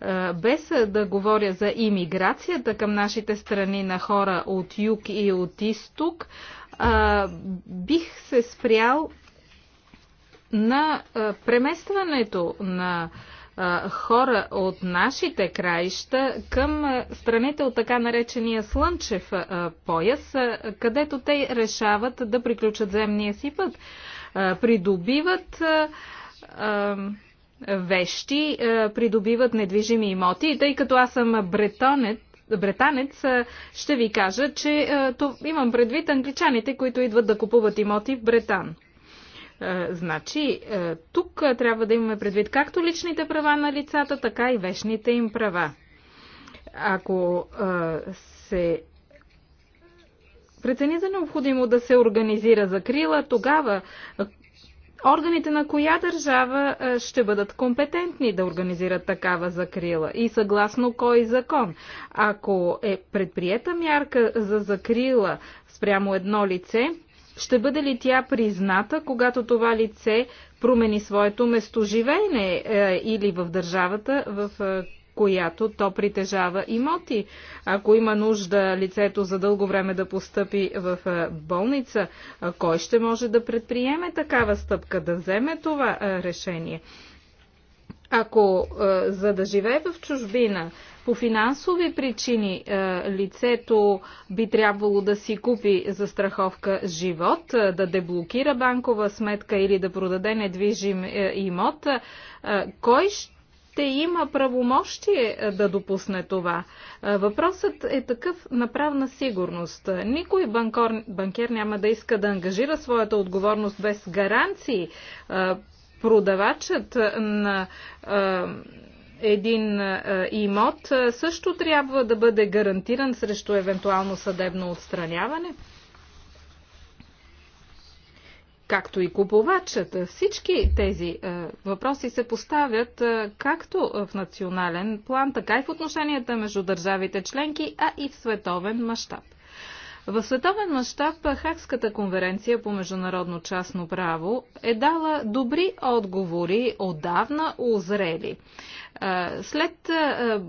Е, без е, да говоря за имиграцията към нашите страни на хора от юг и от изток, бих се спрял на преместването на хора от нашите краища към страните от така наречения слънчев пояс, където те решават да приключат земния си път. Придобиват вещи, придобиват недвижими имоти. И тъй като аз съм бретонец, бретанец, ще ви кажа, че имам предвид англичаните, които идват да купуват имоти в Бретан. Е, значи, е, тук е, трябва да имаме предвид както личните права на лицата, така и вечните им права. Ако се прецени за необходимо да се организира закрила, тогава Органите на коя държава ще бъдат компетентни да организират такава закрила и съгласно кой закон? Ако е предприета мярка за закрила спрямо едно лице, ще бъде ли тя призната, когато това лице промени своето местоживеене е, или в държавата, в е, която то притежава имоти. Ако има нужда лицето за дълго време да постъпи в е, болница, кой ще може да предприеме такава стъпка, да вземе това решение? Ако е, за да живее в чужбина, по финансови причини е, лицето би трябвало да си купи застраховка живот, е, да деблокира банкова сметка или да продаде недвижим имот, кой ще има правомощие да допусне това? Въпросът е такъв на правна сигурност. Никой банкор, банкер няма да иска да ангажира своята отговорност без гаранции продавачът на един имот също трябва да бъде гарантиран срещу евентуално съдебно отстраняване? както и купувачът. Всички тези е, въпроси се поставят е, както в национален план, така и в отношенията между държавите членки, а и в световен мащаб. В световен мащаб Хакската конференция по международно частно право е дала добри отговори, отдавна озрели. Е, след е,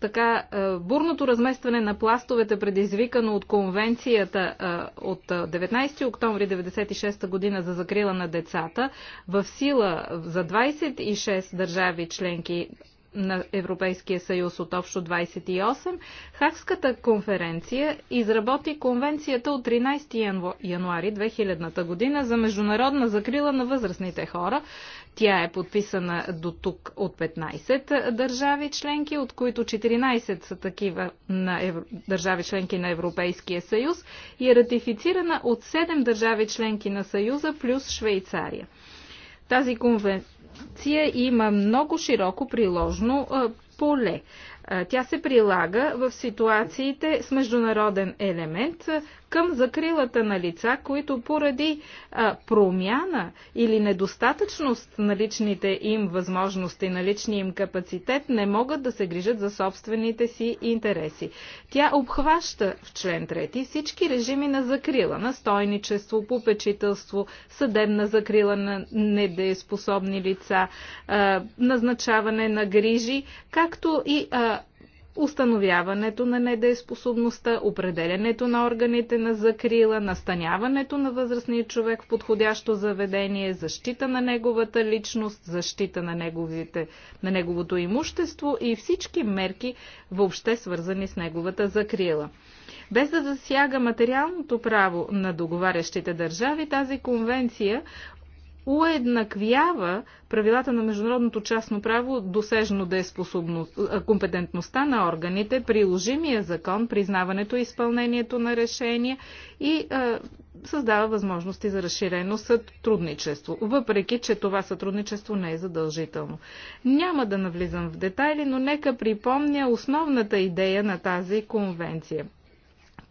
така е, бурното разместване на пластовете, предизвикано от конвенцията от 19 октомври 1996 година за закрила на децата, в сила за 26 държави членки на Европейския съюз от общо 28, Хакската конференция изработи конвенцията от 13 януари 2000 година за международна закрила на възрастните хора. Тя е подписана до тук от 15 държави членки, от които 14 са такива на Евро... държави членки на Европейския съюз и е ратифицирана от 7 държави членки на Съюза плюс Швейцария. Тази конвенция конвенция има много широко приложно поле. Тя се прилага в ситуациите с международен елемент, към закрилата на лица, които поради а, промяна или недостатъчност на личните им възможности, на личния им капацитет, не могат да се грижат за собствените си интереси. Тя обхваща в член 3 всички режими на закрила, настойничество, попечителство, съдебна закрила на недееспособни лица, а, назначаване на грижи, както и а, установяването на недееспособността, определенето на органите на закрила, настаняването на възрастния човек в подходящо заведение, защита на неговата личност, защита на, неговите, на неговото имущество и всички мерки въобще свързани с неговата закрила. Без да засяга материалното право на договарящите държави, тази конвенция уеднаквява правилата на международното частно право, досежно да е компетентността на органите, приложимия закон, признаването и изпълнението на решения и е, създава възможности за разширено сътрудничество, въпреки че това сътрудничество не е задължително. Няма да навлизам в детайли, но нека припомня основната идея на тази конвенция.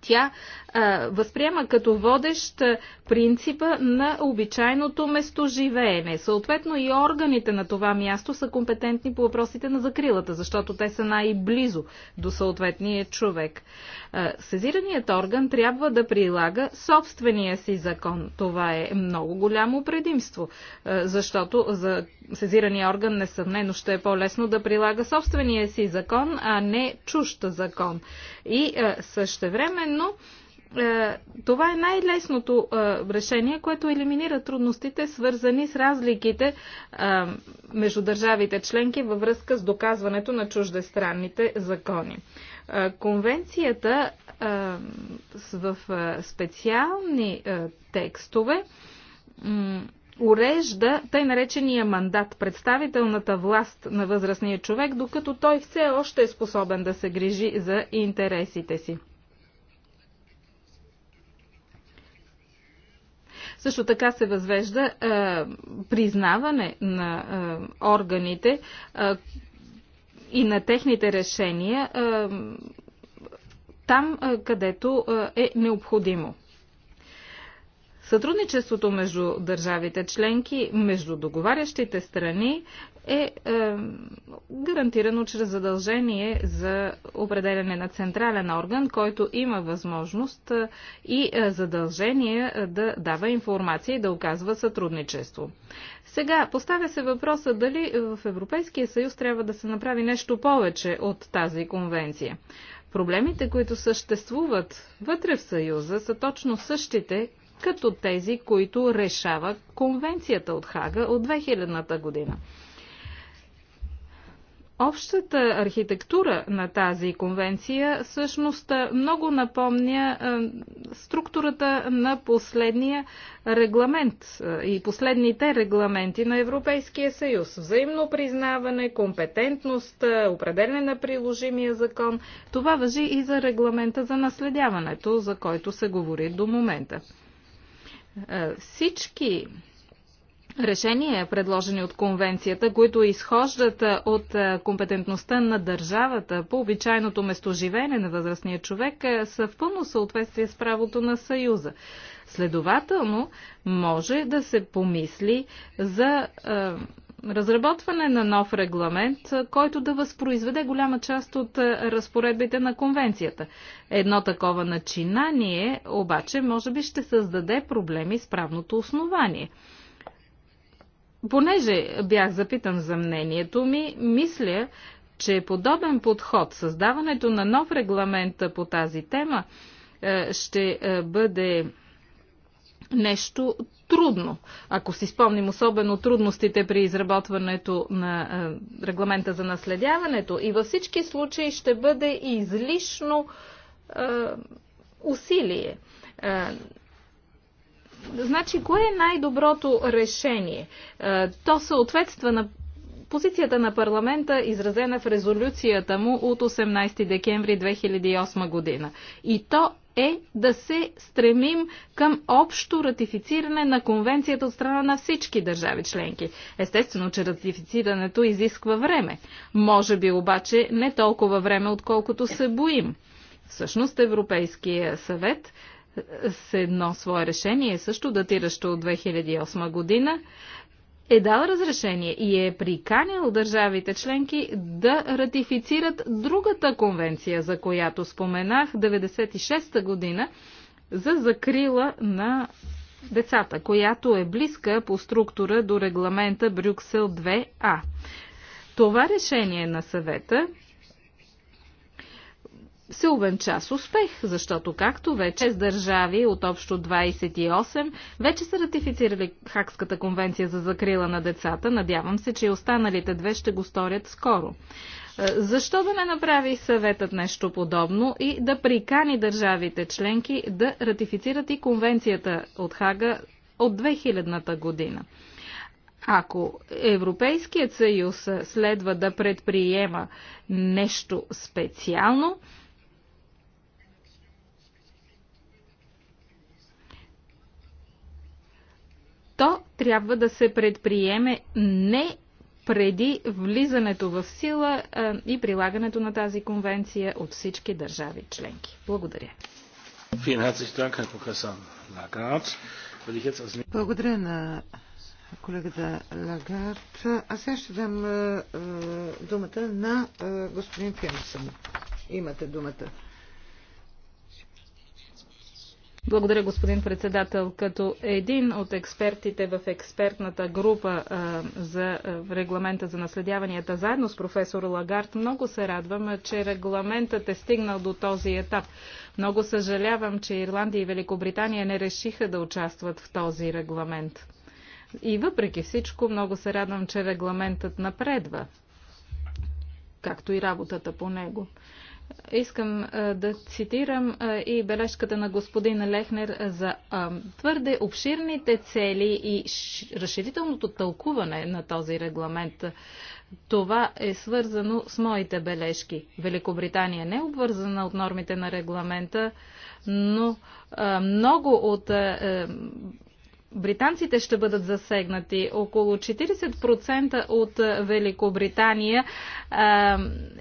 Тя а, възприема като водещ принципа на обичайното местоживеене. Съответно и органите на това място са компетентни по въпросите на закрилата, защото те са най-близо до съответния човек. А, сезираният орган трябва да прилага собствения си закон. Това е много голямо предимство, а, защото за сезирания орган несъмнено ще е по-лесно да прилага собствения си закон, а не чущ закон. И а, същевременно Именно е, това е най-лесното е, решение, което елиминира трудностите, свързани с разликите е, между държавите членки във връзка с доказването на чуждестранните закони. Конвенцията в специални текстове урежда тъй наречения мандат, представителната власт на възрастния човек, докато той все още е способен да се грижи за интересите си. Също така се възвежда а, признаване на а, органите а, и на техните решения а, там, а, където е необходимо. Сътрудничеството между държавите членки, между договарящите страни е, е гарантирано чрез задължение за определене на централен орган, който има възможност е, и е, задължение е, да дава информация и да оказва сътрудничество. Сега поставя се въпроса дали в Европейския съюз трябва да се направи нещо повече от тази конвенция. Проблемите, които съществуват вътре в Съюза, са точно същите, като тези, които решава конвенцията от Хага от 2000-та година. Общата архитектура на тази конвенция всъщност много напомня е, структурата на последния регламент е, и последните регламенти на Европейския съюз. Взаимно признаване, компетентност, е, определене на приложимия закон. Това въжи и за регламента за наследяването, за който се говори до момента. Е, всички решения, предложени от конвенцията, които изхождат е, от е, компетентността на държавата по обичайното местоживеене на възрастния човек, са в пълно съответствие с правото на Съюза. Следователно, може да се помисли за разработване на нов регламент, който да възпроизведе голяма част от разпоредбите на конвенцията. Едно такова начинание обаче може би ще създаде проблеми с правното основание. Понеже бях запитан за мнението ми, мисля, че подобен подход, създаването на нов регламент по тази тема, ще бъде нещо трудно. Ако си спомним особено трудностите при изработването на е, регламента за наследяването и във всички случаи ще бъде излишно е, усилие. Е, значи, кое е най-доброто решение? Е, то съответства на позицията на парламента, изразена в резолюцията му от 18 декември 2008 година. И то е да се стремим към общо ратифициране на конвенцията от страна на всички държави членки. Естествено, че ратифицирането изисква време. Може би обаче не толкова време, отколкото се боим. Всъщност Европейския съвет е, с едно свое решение, е също датиращо от 2008 година, е дал разрешение и е приканял държавите членки да ратифицират другата конвенция, за която споменах 96-та година за закрила на децата, която е близка по структура до регламента Брюксел 2А. Това решение на съвета се увенча с успех, защото както вече с държави от общо 28 вече са ратифицирали Хакската конвенция за закрила на децата. Надявам се, че и останалите две ще го сторят скоро. Е, защо да не направи съветът нещо подобно и да прикани държавите членки да ратифицират и конвенцията от Хага от 2000-та година? Ако Европейският съюз следва да предприема нещо специално, то трябва да се предприеме не преди влизането в сила и прилагането на тази конвенция от всички държави членки. Благодаря. Благодаря на колегата Лагард. А сега ще дам думата на господин Фенсън. Имате думата. Благодаря, господин председател. Като един от експертите в експертната група а, за регламента за наследяванията, заедно с професор Лагард, много се радвам, че регламентът е стигнал до този етап. Много съжалявам, че Ирландия и Великобритания не решиха да участват в този регламент. И въпреки всичко, много се радвам, че регламентът напредва, както и работата по него. Искам да цитирам и бележката на господин Лехнер за твърде обширните цели и разширителното тълкуване на този регламент. Това е свързано с моите бележки. Великобритания не е обвързана от нормите на регламента, но много от британците ще бъдат засегнати. Около 40% от Великобритания а,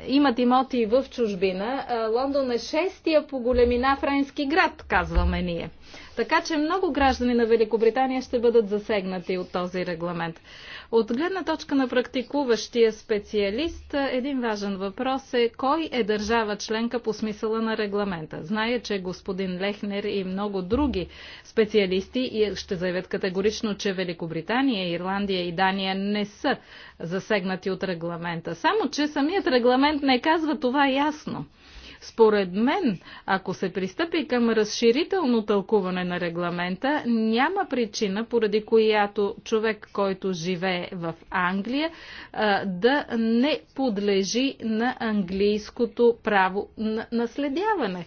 имат имоти в чужбина. Лондон е шестия по големина френски град, казваме ние. Така че много граждани на Великобритания ще бъдат засегнати от този регламент. От гледна точка на практикуващия специалист, един важен въпрос е кой е държава членка по смисъла на регламента. Зная, че господин Лехнер и много други специалисти ще заявят категорично, че Великобритания, Ирландия и Дания не са засегнати от регламента. Само, че самият регламент не казва това ясно. Според мен, ако се пристъпи към разширително тълкуване на регламента, няма причина, поради която човек, който живее в Англия, да не подлежи на английското право на наследяване,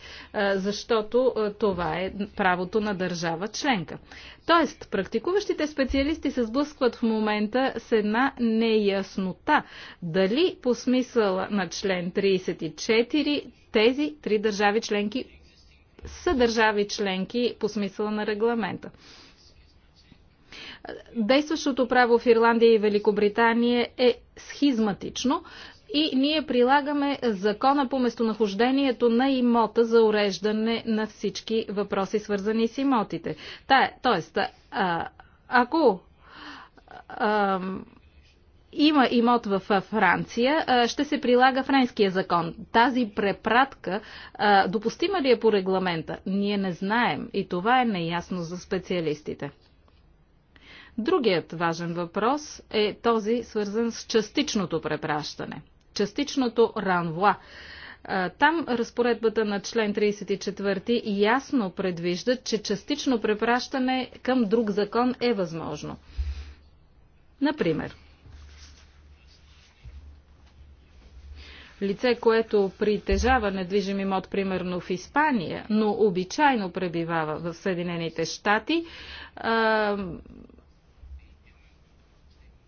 защото това е правото на държава членка. Тоест, практикуващите специалисти се сблъскват в момента с една неяснота. Дали по смисъла на член 34 тези три държави членки са държави членки по смисъла на регламента. Действащото право в Ирландия и Великобритания е схизматично, и ние прилагаме закона по местонахождението на имота за уреждане на всички въпроси, свързани с имотите. Та, е, тоест, а, ако а, има имот в Франция, ще се прилага френския закон. Тази препратка допустима ли е по регламента? Ние не знаем и това е неясно за специалистите. Другият важен въпрос е този свързан с частичното препращане частичното ранвуа. Там разпоредбата на член 34 ясно предвижда, че частично препращане към друг закон е възможно. Например, лице, което притежава недвижим имот, примерно в Испания, но обичайно пребивава в Съединените щати,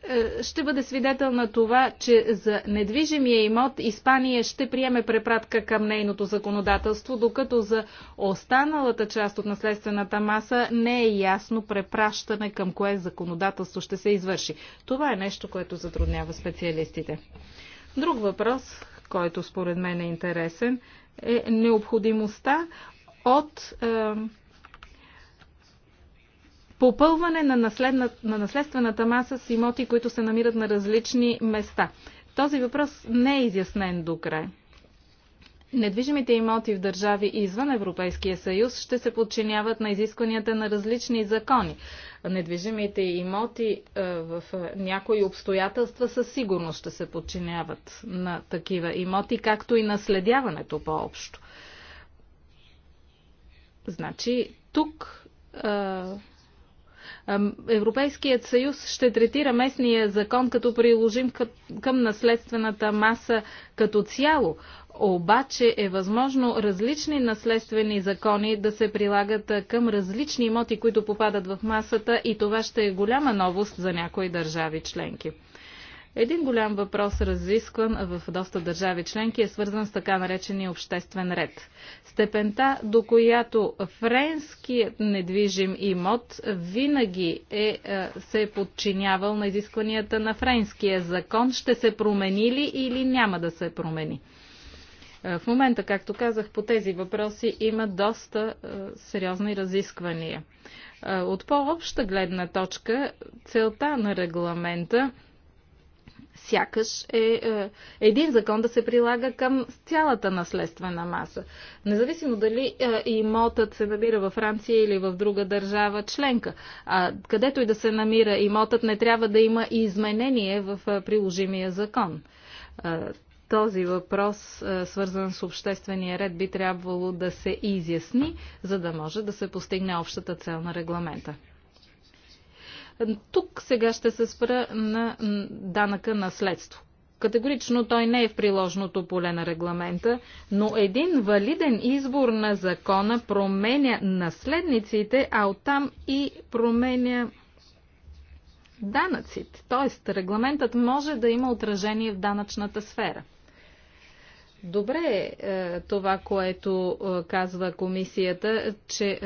е, ще бъде свидетел на това, че за недвижимия имот Испания ще приеме препратка към нейното законодателство, докато за останалата част от наследствената маса не е ясно препращане към кое законодателство ще се извърши. Това е нещо, което затруднява специалистите. Друг въпрос, който според мен е интересен, е необходимостта от. Е, попълване на, наследна, на наследствената маса с имоти, които се намират на различни места. Този въпрос не е изяснен до край. Недвижимите имоти в държави извън Европейския съюз ще се подчиняват на изискванията на различни закони. Недвижимите имоти е, в е, някои обстоятелства със сигурност ще се подчиняват на такива имоти, както и наследяването по-общо. Значи, тук е, Европейският съюз ще третира местния закон като приложим към наследствената маса като цяло. Обаче е възможно различни наследствени закони да се прилагат към различни имоти, които попадат в масата и това ще е голяма новост за някои държави членки. Един голям въпрос, разискван в доста държави членки, е свързан с така наречения обществен ред. Степента, до която френският недвижим имот винаги е, е се е подчинявал на изискванията на френския закон, ще се промени ли или няма да се промени? Е, в момента, както казах, по тези въпроси има доста е, сериозни разисквания. От по-обща гледна точка, целта на регламента сякаш е, е един закон да се прилага към цялата наследствена маса. Независимо дали е, имотът се намира във Франция или в друга държава членка. А, където и да се намира имотът, не трябва да има и изменение в е, приложимия закон. А, е, този въпрос, е, свързан с обществения ред, би трябвало да се изясни, за да може да се постигне общата цел на регламента. Тук сега ще се спра на данъка наследство. Категорично той не е в приложното поле на регламента, но един валиден избор на закона променя наследниците, а оттам и променя данъците. Тоест, регламентът може да има отражение в данъчната сфера. Добре е, е това, което е, казва комисията, че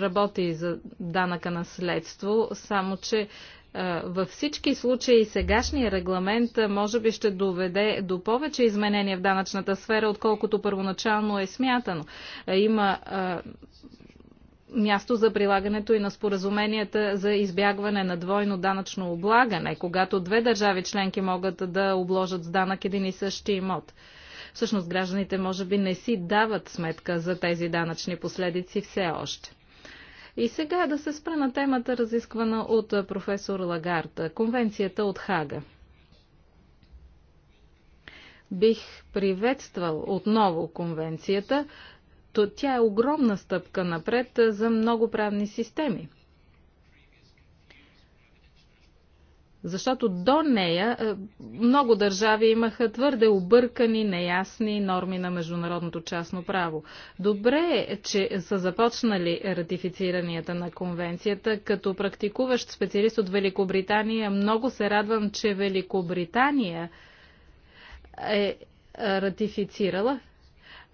работи за данъка наследство, само че е, във всички случаи сегашния регламент може би ще доведе до повече изменения в данъчната сфера, отколкото първоначално е смятано. Има място за прилагането и на споразуменията за избягване на двойно данъчно облагане, когато две държави членки могат да обложат с данък един и същи имот. Всъщност гражданите може би не си дават сметка за тези данъчни последици все още. И сега да се спра на темата, разисквана от професор Лагарта, конвенцията от Хага. Бих приветствал отново конвенцията, то тя е огромна стъпка напред за много правни системи. Защото до нея е, много държави имаха твърде объркани, неясни норми на международното частно право. Добре е, че са започнали ратифицирането на конвенцията. Като практикуващ специалист от Великобритания, много се радвам, че Великобритания е, е ратифицирала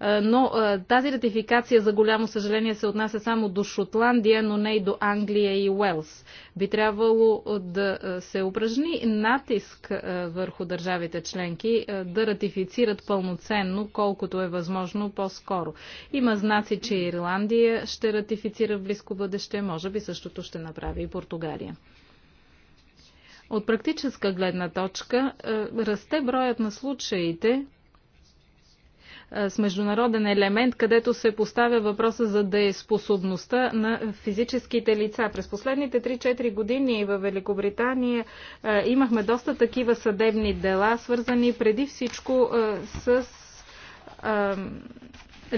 е, но е, тази ратификация, за голямо съжаление, се отнася само до Шотландия, но не и до Англия и Уелс. Би трябвало е, да се упражни натиск върху държавите членки да ратифицират пълноценно, колкото е възможно по-скоро. Има знаци, че Ирландия ще ратифицира в близко бъдеще, може би същото ще направи и Португалия. От практическа гледна точка расте броят на случаите, с международен елемент, където се поставя въпроса за дееспособността на физическите лица. През последните 3-4 години в Великобритания имахме доста такива съдебни дела, свързани преди всичко с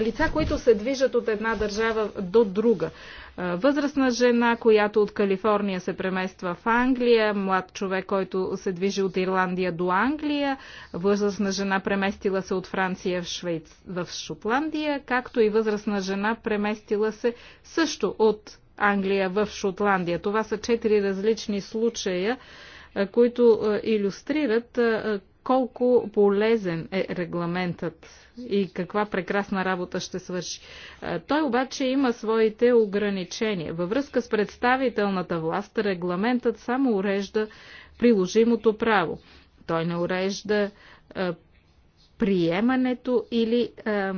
лица, които се движат от една държава до друга. Възрастна жена, която от Калифорния се премества в Англия, млад човек, който се движи от Ирландия до Англия, възрастна жена преместила се от Франция в, Швейц, в Шотландия, както и възрастна жена преместила се също от Англия в Шотландия. Това са четири различни случая които иллюстрират колко полезен е регламентът и каква прекрасна работа ще свърши. Е, той обаче има своите ограничения. Във връзка с представителната власт, регламентът само урежда приложимото право. Той не урежда е, приемането или е,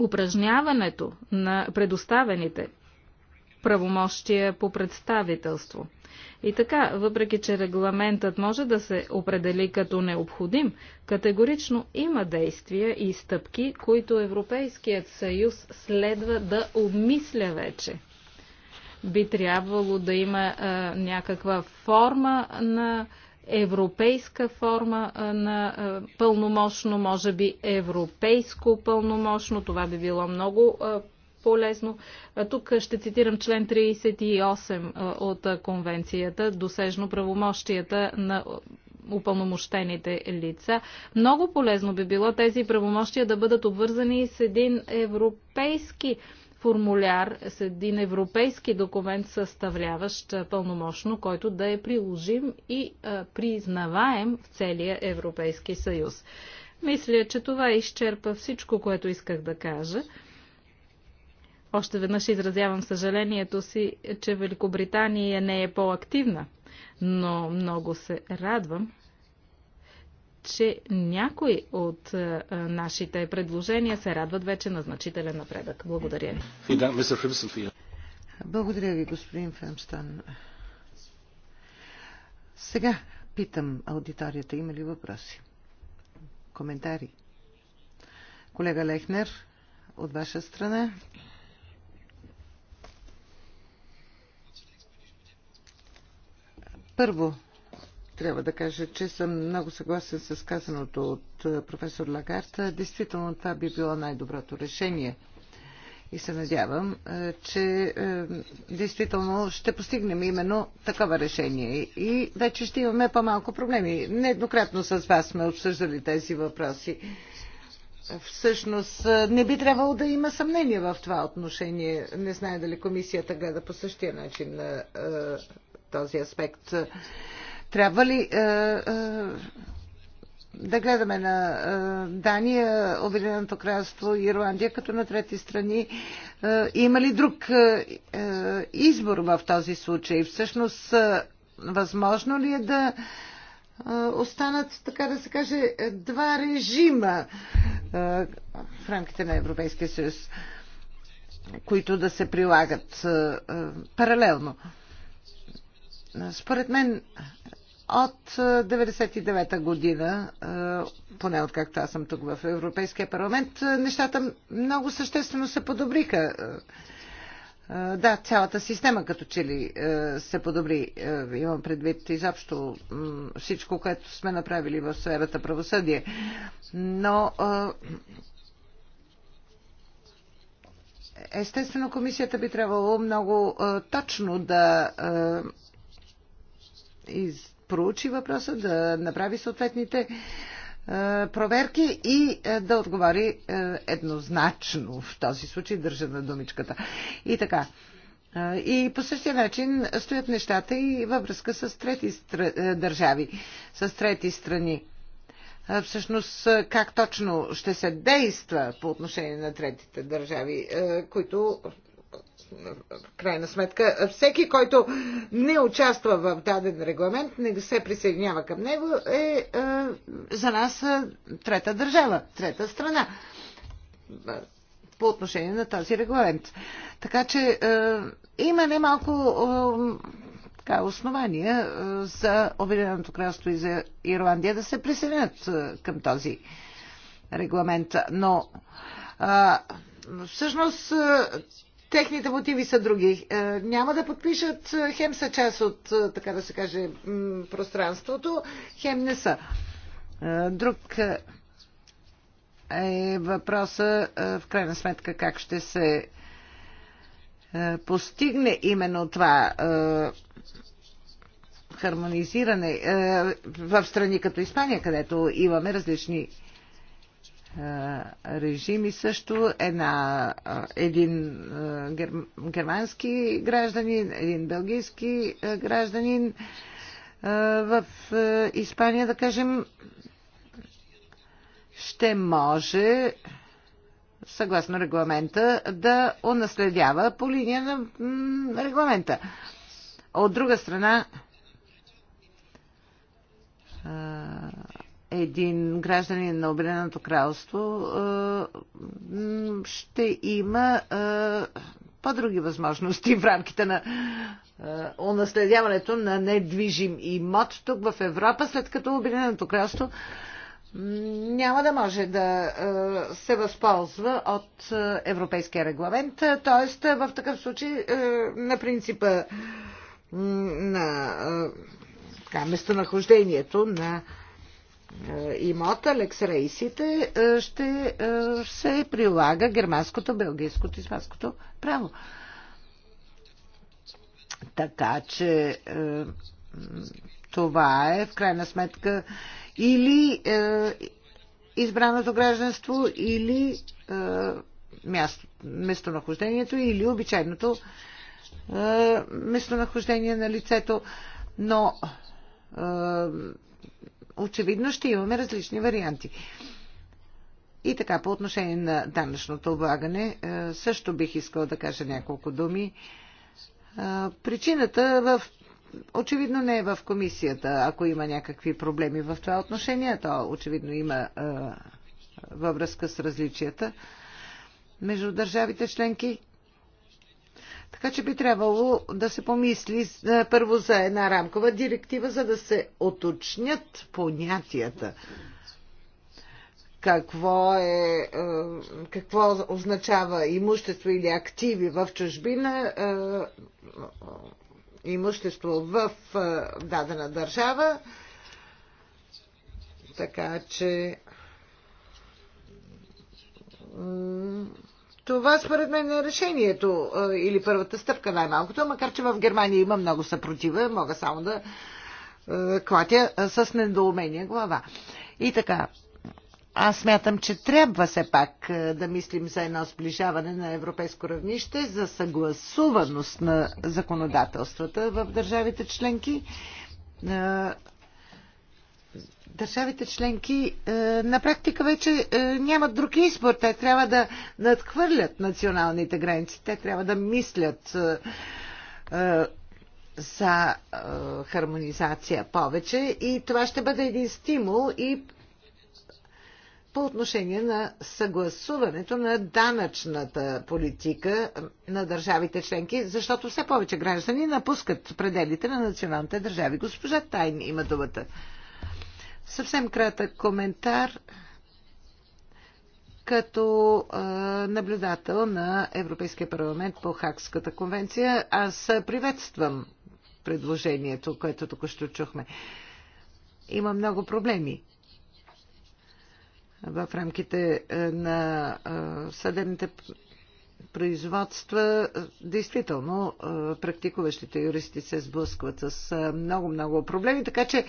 упражняването на предоставените правомощия по представителство. И така, въпреки че регламентът може да се определи като необходим, категорично има действия и стъпки, които Европейският съюз следва да обмисля вече. Би трябвало да има а, някаква форма на европейска форма на пълномощно, може би европейско пълномощно. Това би било много по-лесно. Тук ще цитирам член 38 от конвенцията, досежно правомощията на упълномощените лица. Много полезно би било тези правомощия да бъдат обвързани с един европейски формуляр, с един европейски документ, съставляващ пълномощно, който да е приложим и признаваем в целия Европейски съюз. Мисля, че това изчерпа всичко, което исках да кажа. Още веднъж изразявам съжалението си, че Великобритания не е по-активна, но много се радвам, че някои от е, е, нашите предложения се радват вече на значителен напредък. Благодаря ви. Благодаря ви, господин Фемстан. Сега питам аудиторията, има ли въпроси? Коментари? Колега Лехнер, от ваша страна. Първо, трябва да кажа, че съм много съгласен с казаното от е, професор Лагарта. Действително това би било най-доброто решение. И се надявам, е, че е, действително ще постигнем именно такова решение. И вече ще имаме по-малко проблеми. Нееднократно с вас сме обсъждали тези въпроси. Всъщност не би трябвало да има съмнение в това отношение. Не знае дали комисията гледа по същия начин на този аспект. Трябва ли е, е, да гледаме на е, Дания, Обединеното кралство, и Ирландия като на трети страни? Е, има ли друг е, е, избор в този случай? Всъщност, е, възможно ли е да е, останат, така да се каже, два режима е, в рамките на Европейския съюз, които да се прилагат паралелно. Според мен от 99-та е, година, е, поне откакто аз съм тук в Европейския парламент, е, нещата много съществено се подобриха. Да, цялата система като че ли се подобри. Имам предвид изобщо всичко, което сме направили в сферата правосъдие. Но естествено комисията би трябвало много точно да из, проучи въпроса, да направи съответните е, проверки и е, да отговори е, еднозначно. В този случай държа на думичката. И така. И по същия начин стоят нещата и във връзка с трети стра... държави, с трети страни. Всъщност, как точно ще се действа по отношение на третите държави, които в крайна сметка, всеки, който не участва в даден регламент, не се присъединява към него, е, е за нас е, трета държава, трета страна по отношение на този регламент. Така че е, има немалко е, така, основания е, за Обединеното кралство и за Ирландия да се присъединят е, към този регламент. Но е, всъщност е, Техните мотиви са други. Е, няма да подпишат, е, хем са част от, е, така да се каже, пространството, хем не са. Друг е въпроса в крайна сметка как ще се постигне именно това хармонизиране в страни като Испания, където имаме различни режими. Също една, един германски гражданин, един белгийски гражданин в Испания, да кажем, ще може съгласно регламента, да унаследява по линия на регламента. От друга страна, един гражданин на Обединеното кралство е, ще има е, по-други възможности в рамките на е, унаследяването на недвижим имот тук в Европа, след като Обединеното кралство няма да може да се възползва от европейския регламент. Тоест, в такъв случай, на принципа на местонахождението на е, имот Алекс Рейсите е, ще е, се прилага германското, белгийското, испанското право. Така че това е в крайна сметка или избраното гражданство, или местонахождението, или обичайното местонахождение на лицето. Но очевидно ще имаме различни варианти. И така, по отношение на данъчното облагане, е, също бих искал да кажа няколко думи. Е, причината в очевидно не е в комисията, ако има някакви проблеми в това отношение, то очевидно има е, във връзка с различията между държавите членки. Така че би трябвало да се помисли е, първо за една рамкова директива, за да се оточнят понятията. Какво, е, е, какво означава имущество или активи в чужбина, е, имущество в дадена държава. Така че това според мен е решението или първата стъпка най-малкото, макар че в Германия има много съпротива, мога само да клатя с недоумение глава. И така, аз смятам, че трябва все пак да мислим за едно сближаване на европейско равнище, за съгласуваност на законодателствата в държавите членки Държавите членки е, на практика вече е, нямат друг избор. Те трябва да надхвърлят националните граници. Те трябва да мислят е, за хармонизация повече и това ще бъде един стимул и по отношение на съгласуването на данъчната политика на държавите членки, защото все повече граждани напускат пределите на националните държави. Госпожа Тайн има думата. Съвсем кратък коментар като а, наблюдател на Европейския парламент по Хакската конвенция. Аз приветствам предложението, което току-що чухме. Има много проблеми в рамките на съдебните производства, действително практикуващите юристи се сблъскват с много-много проблеми, така че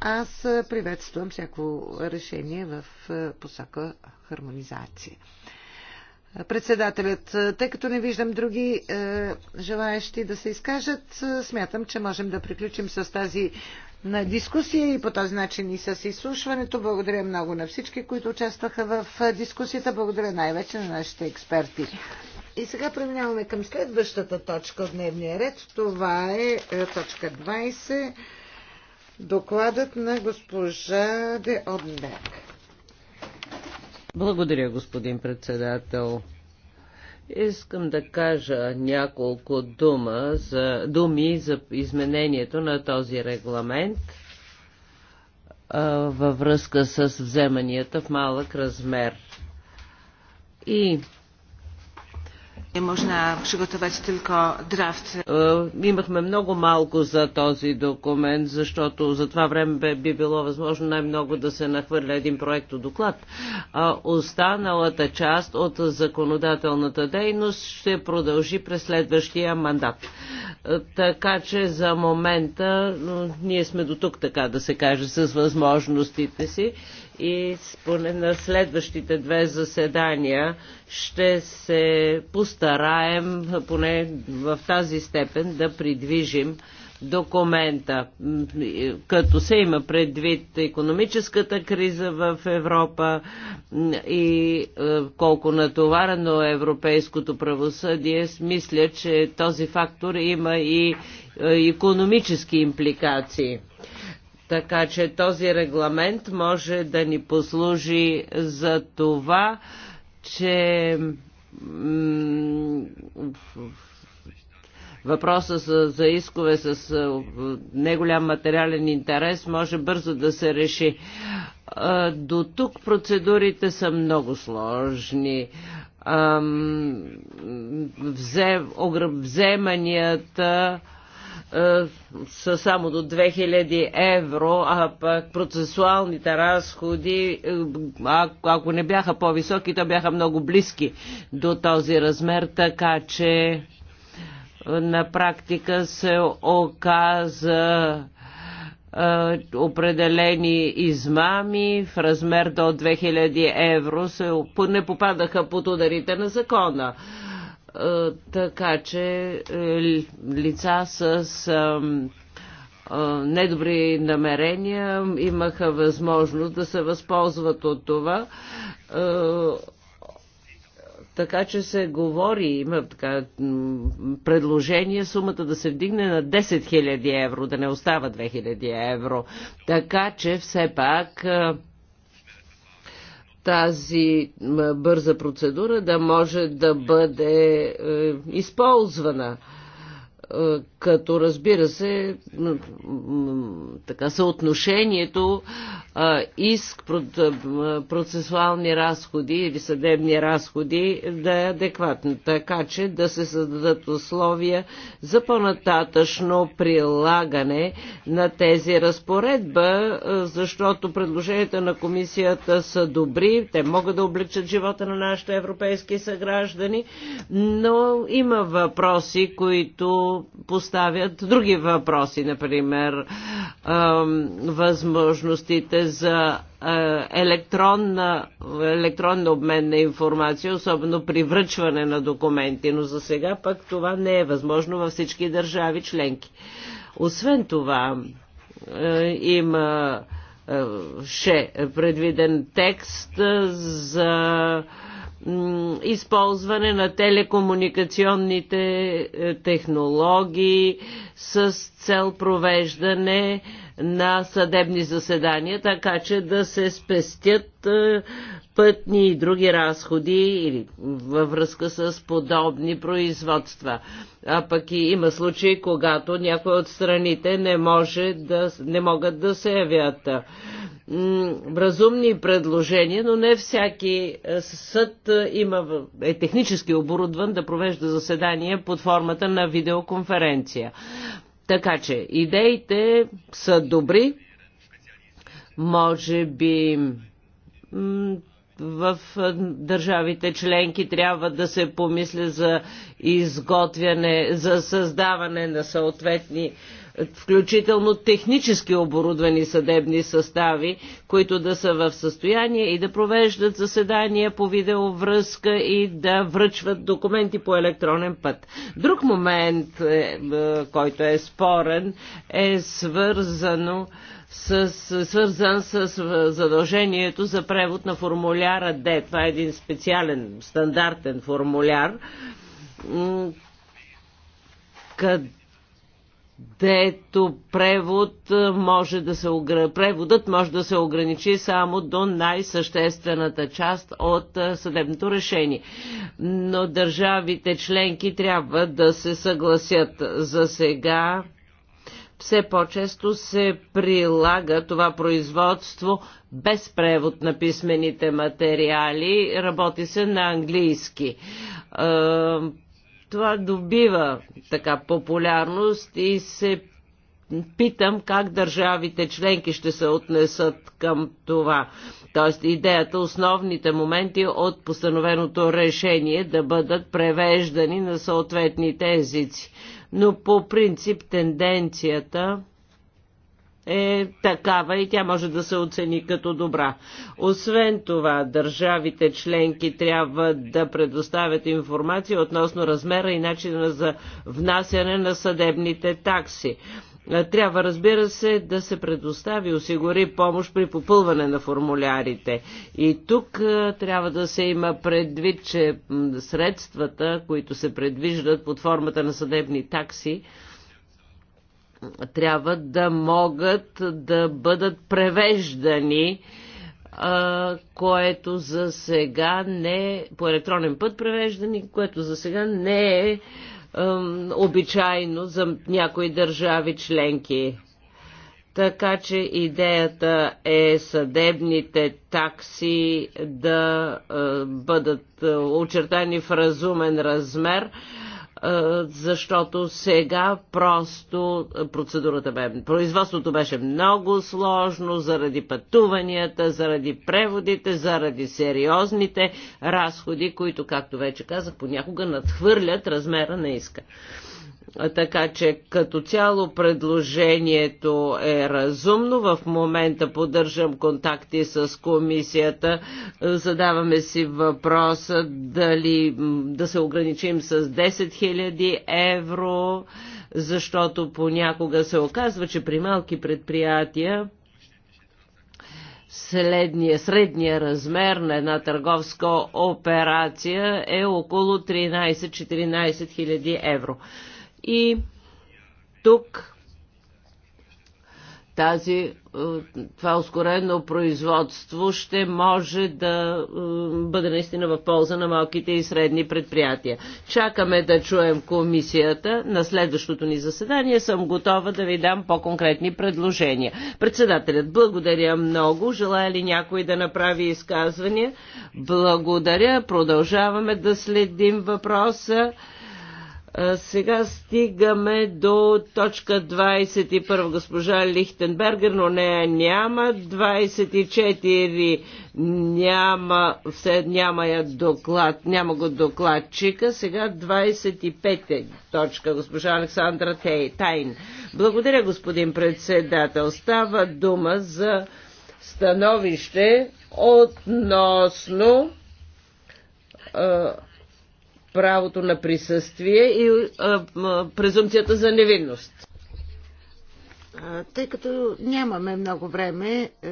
аз приветствам всяко решение в посока хармонизация. Председателят, тъй като не виждам други е, желаящи да се изкажат, смятам, че можем да приключим с тази на дискусия и по този начин и с изслушването. Благодаря много на всички, които участваха в дискусията. Благодаря най-вече на нашите експерти. И сега преминаваме към следващата точка от дневния ред. Това е, е точка 20. Докладът на госпожа Де Оденберг. Благодаря, господин председател. Искам да кажа няколко дума за, думи за изменението на този регламент а, във връзка с вземанията в малък размер. И Можна приготовят тилко драфт. Имахме много малко за този документ, защото за това време би било възможно най-много да се нахвърля един проект от доклад. А останалата част от законодателната дейност ще продължи през следващия мандат. Е, така че за момента ние сме до тук, така да се каже, с възможностите си и на следващите две заседания ще се постараем поне в тази степен да придвижим документа, като се има предвид економическата криза в Европа и е, колко натоварено е европейското правосъдие, мисля, че този фактор има и економически импликации. Така че този регламент може да ни послужи за това, че въпроса за искове с неголям материален интерес може бързо да се реши. До тук процедурите са много сложни. Вземанията е, са само до 2000 евро, а пък процесуалните разходи, е, ако не бяха по-високи, то бяха много близки до този размер, така че е, на практика се оказа определени измами в размер до 2000 евро се, не попадаха под ударите на закона така че е, лица с недобри намерения имаха възможност да се възползват от това. Така че се говори, има така предложение сумата да се вдигне на 10 000 евро, да не остава 2000 евро. Така че все пак тази бърза процедура да може да бъде е, използвана е, като разбира се така съотношението иск, процесуални разходи или съдебни разходи да е адекватно, така че да се създадат условия за по-нататъчно прилагане на тези разпоредба, защото предложенията на комисията са добри, те могат да облегчат живота на нашите европейски съграждани, но има въпроси, които поставят поставят други въпроси, например възможностите за електронна, обмен на информация, особено при връчване на документи, но за сега пък това не е възможно във всички държави членки. Освен това, има ще предвиден текст за използване на телекомуникационните е, технологии с цел провеждане на съдебни заседания, така че да се спестят е, пътни и други разходи или във връзка с подобни производства. А пък и има случаи, когато някои от страните не, може да, не могат да се явят. Разумни предложения, но не всяки е, съд е, има, е технически оборудван да провежда заседания под формата на видеоконференция. Така че идеите са добри, може би в държавите членки трябва да се помисли за изготвяне, за създаване на съответни включително технически оборудвани съдебни състави, които да са в състояние и да провеждат заседания по видеовръзка и да връчват документи по електронен път. Друг момент, е, е, който е спорен, е свързано с с, свързан с задължението за превод на формуляра Д. Това е един специален, стандартен формуляр, където превод може да се, преводът може да се ограничи само до най-съществената част от съдебното решение. Но държавите членки трябва да се съгласят за сега все по-често се прилага това производство без превод на писмените материали, работи се на английски. Е, това добива така популярност и се питам как държавите членки ще се отнесат към това. Тоест идеята, основните моменти от постановеното решение да бъдат превеждани на съответните езици но по принцип тенденцията е такава и тя може да се оцени като добра. Освен това, държавите членки трябва да предоставят информация относно размера и начина за внасяне на съдебните такси. Е, трябва, разбира се, да се предостави, осигури помощ при попълване на формулярите. И тук е, трябва да се има предвид, че средствата, които се предвиждат под формата на съдебни такси, трябва да могат да бъдат превеждани е, което за сега не е по електронен път превеждани, което за сега не е обичайно за някои държави членки. Така че идеята е съдебните такси да бъдат очертани в разумен размер, защото сега просто процедурата бе, производството беше много сложно заради пътуванията, заради преводите, заради сериозните разходи, които, както вече казах, понякога надхвърлят размера на иска. Така че като цяло предложението е разумно. В момента поддържам контакти с комисията. Задаваме си въпроса дали да се ограничим с 10 000 евро, защото понякога се оказва, че при малки предприятия Следния, средния размер на една търговска операция е около 13-14 000 евро. И тук тази, е, това ускорено производство ще може да е, бъде наистина в полза на малките и средни предприятия. Чакаме да чуем комисията. На следващото ни заседание съм готова да ви дам по-конкретни предложения. Председателят, благодаря много. Желая ли някой да направи изказвания? Благодаря. Продължаваме да следим въпроса. Сега стигаме до точка 21. Госпожа Лихтенбергер, но нея няма. 24 няма, все, няма я доклад, няма го докладчика. Сега 25 точка. Госпожа Александра Тей, Тайн. Благодаря, господин председател. Става дума за становище относно А, правото на присъствие и презумцията за невинност. Тъй като нямаме много време, е,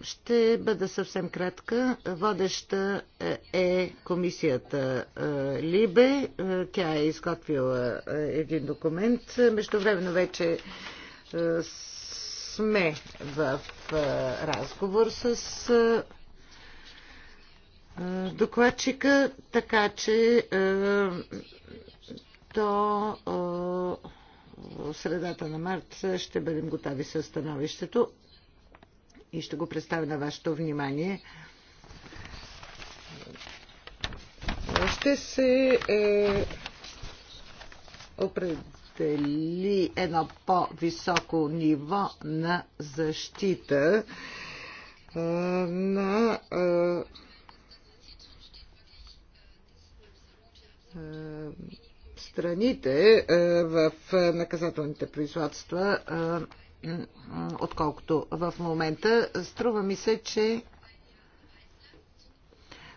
ще бъда съвсем кратка. Водеща е, е комисията е, Либе. Тя е изготвила един документ. Междувременно вече сме в разговор с докладчика, така че до средата на март ще бъдем готови с становището и ще го представя на вашето внимание. Ще се е, определи едно по-високо ниво на защита е, на е, Е, страните е, в наказателните производства, е, отколкото в момента. Струва ми се, че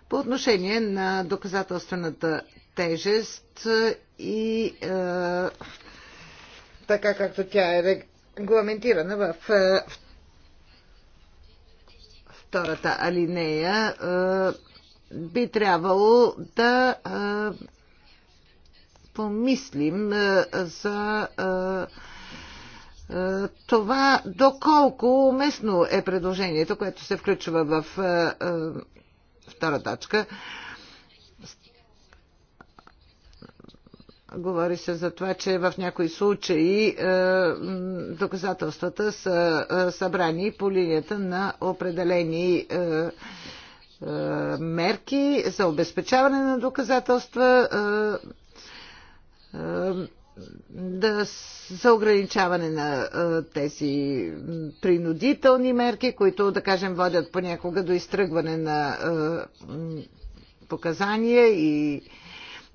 по отношение на доказателствената тежест и така както тя е регламентирана в втората алинея, би трябвало да помислим за това доколко уместно е предложението, което се включва в втора точка. Говори се за това, че в някои случаи доказателствата са събрани по линията на определени мерки за обезпечаване на доказателства да, за ограничаване на тези принудителни мерки, които, да кажем, водят понякога до изтръгване на показания и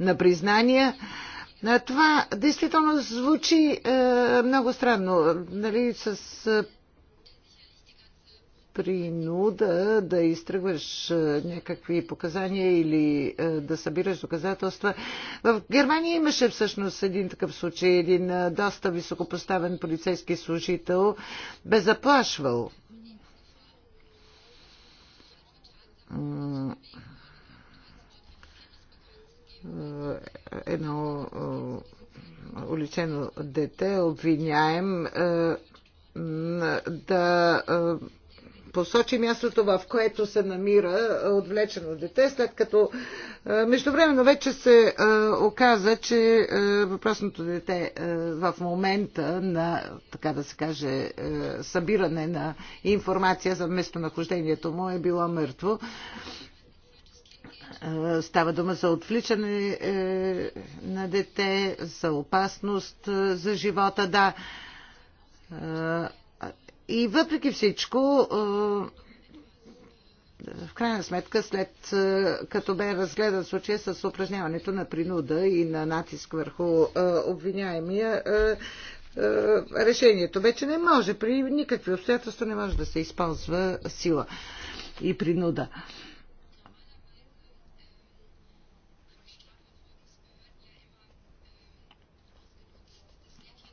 на признания. Това действително звучи много странно, нали, с принуда да изтръгваш някакви показания или да събираш доказателства. В Германия имаше всъщност един такъв случай. Един доста високопоставен полицейски служител бе заплашвал едно уличено дете, обвиняем да посочи мястото, в което се намира отвлечено дете, след като междувременно вече се оказа, че въпросното дете в момента на, така да се каже, събиране на информация за местонахождението му е било мъртво. Става дума за отвличане е, на дете, за опасност е, за живота, да. Е, и въпреки всичко, в крайна сметка, след като бе разгледан случая с упражняването на принуда и на натиск върху обвиняемия, решението вече не може, при никакви обстоятелства не може да се използва сила и принуда.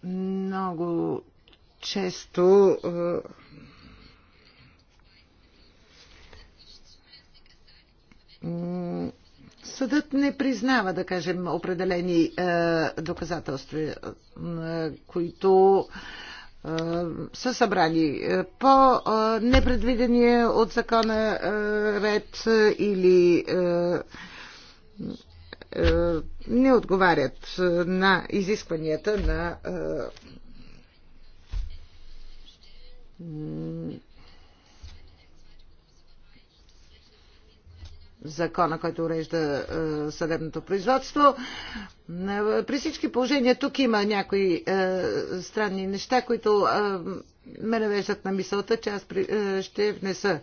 Много често е, съдът не признава, да кажем, определени е, доказателства, е, които са събрани по непредвидения от закона ред или не отговарят на изискванията на закона, който урежда е, съдебното производство. Е, при всички положения тук има някои е, странни неща, които ме навеждат на мисълта, че аз ще внеса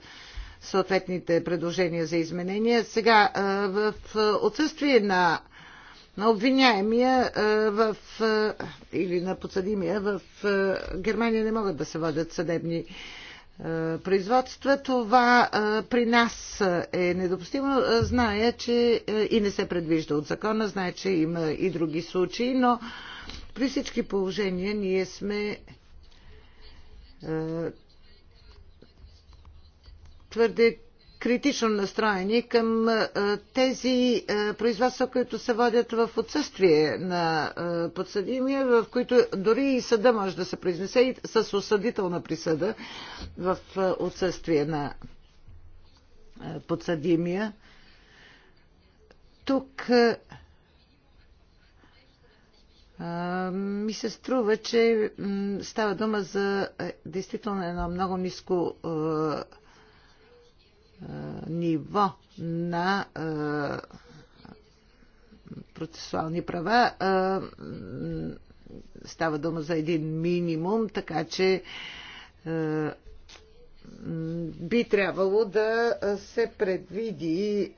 съответните предложения за изменения. Сега, в отсъствие на на обвиняемия в, или на подсъдимия в Германия не могат да се водят съдебни производства. Това при нас е недопустимо. Зная, че и не се предвижда от закона, знае, че има и други случаи, но при всички положения ние сме твърде критично настроени към е, тези е, производства, които се водят в отсъствие на е, подсъдимия, в които дори и съда може да се произнесе и с осъдителна присъда в отсъствие на подсъдимия. Тук ми се струва, че става дума за действително едно много ниско ниво на процесуални права става дума за един минимум, така че би трябвало да се предвиди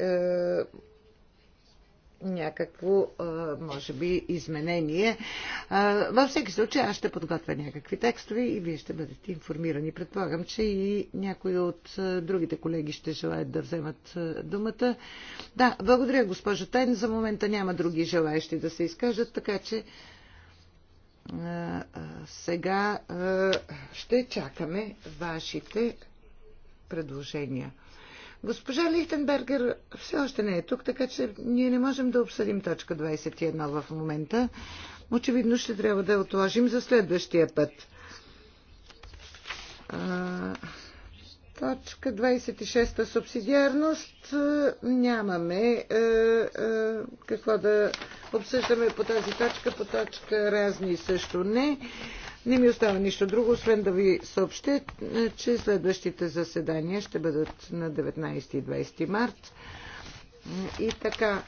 някакво, може би, изменение. Във всеки случай аз ще подготвя някакви текстове и вие ще бъдете информирани. Предполагам, че и някои от другите колеги ще желаят да вземат думата. Да, благодаря, госпожа Тайн. За момента няма други желаящи да се изкажат, така че сега ще чакаме вашите предложения. Госпожа Лихтенбергер все още не е тук, така че ние не можем да обсъдим точка 21 в момента. Очевидно ще трябва да я отложим за следващия път. А, точка 26 субсидиарност. Нямаме е, е, какво да обсъждаме по тази точка, по точка разни също не. Не ми остава нищо друго, освен да ви съобщя, че следващите заседания ще бъдат на 19 и 20 март. И така,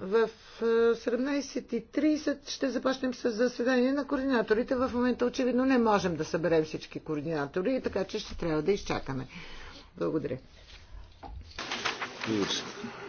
в 17.30 ще започнем с заседание на координаторите. В момента очевидно не можем да съберем всички координатори, така че ще трябва да изчакаме. Благодаря. Благодаря.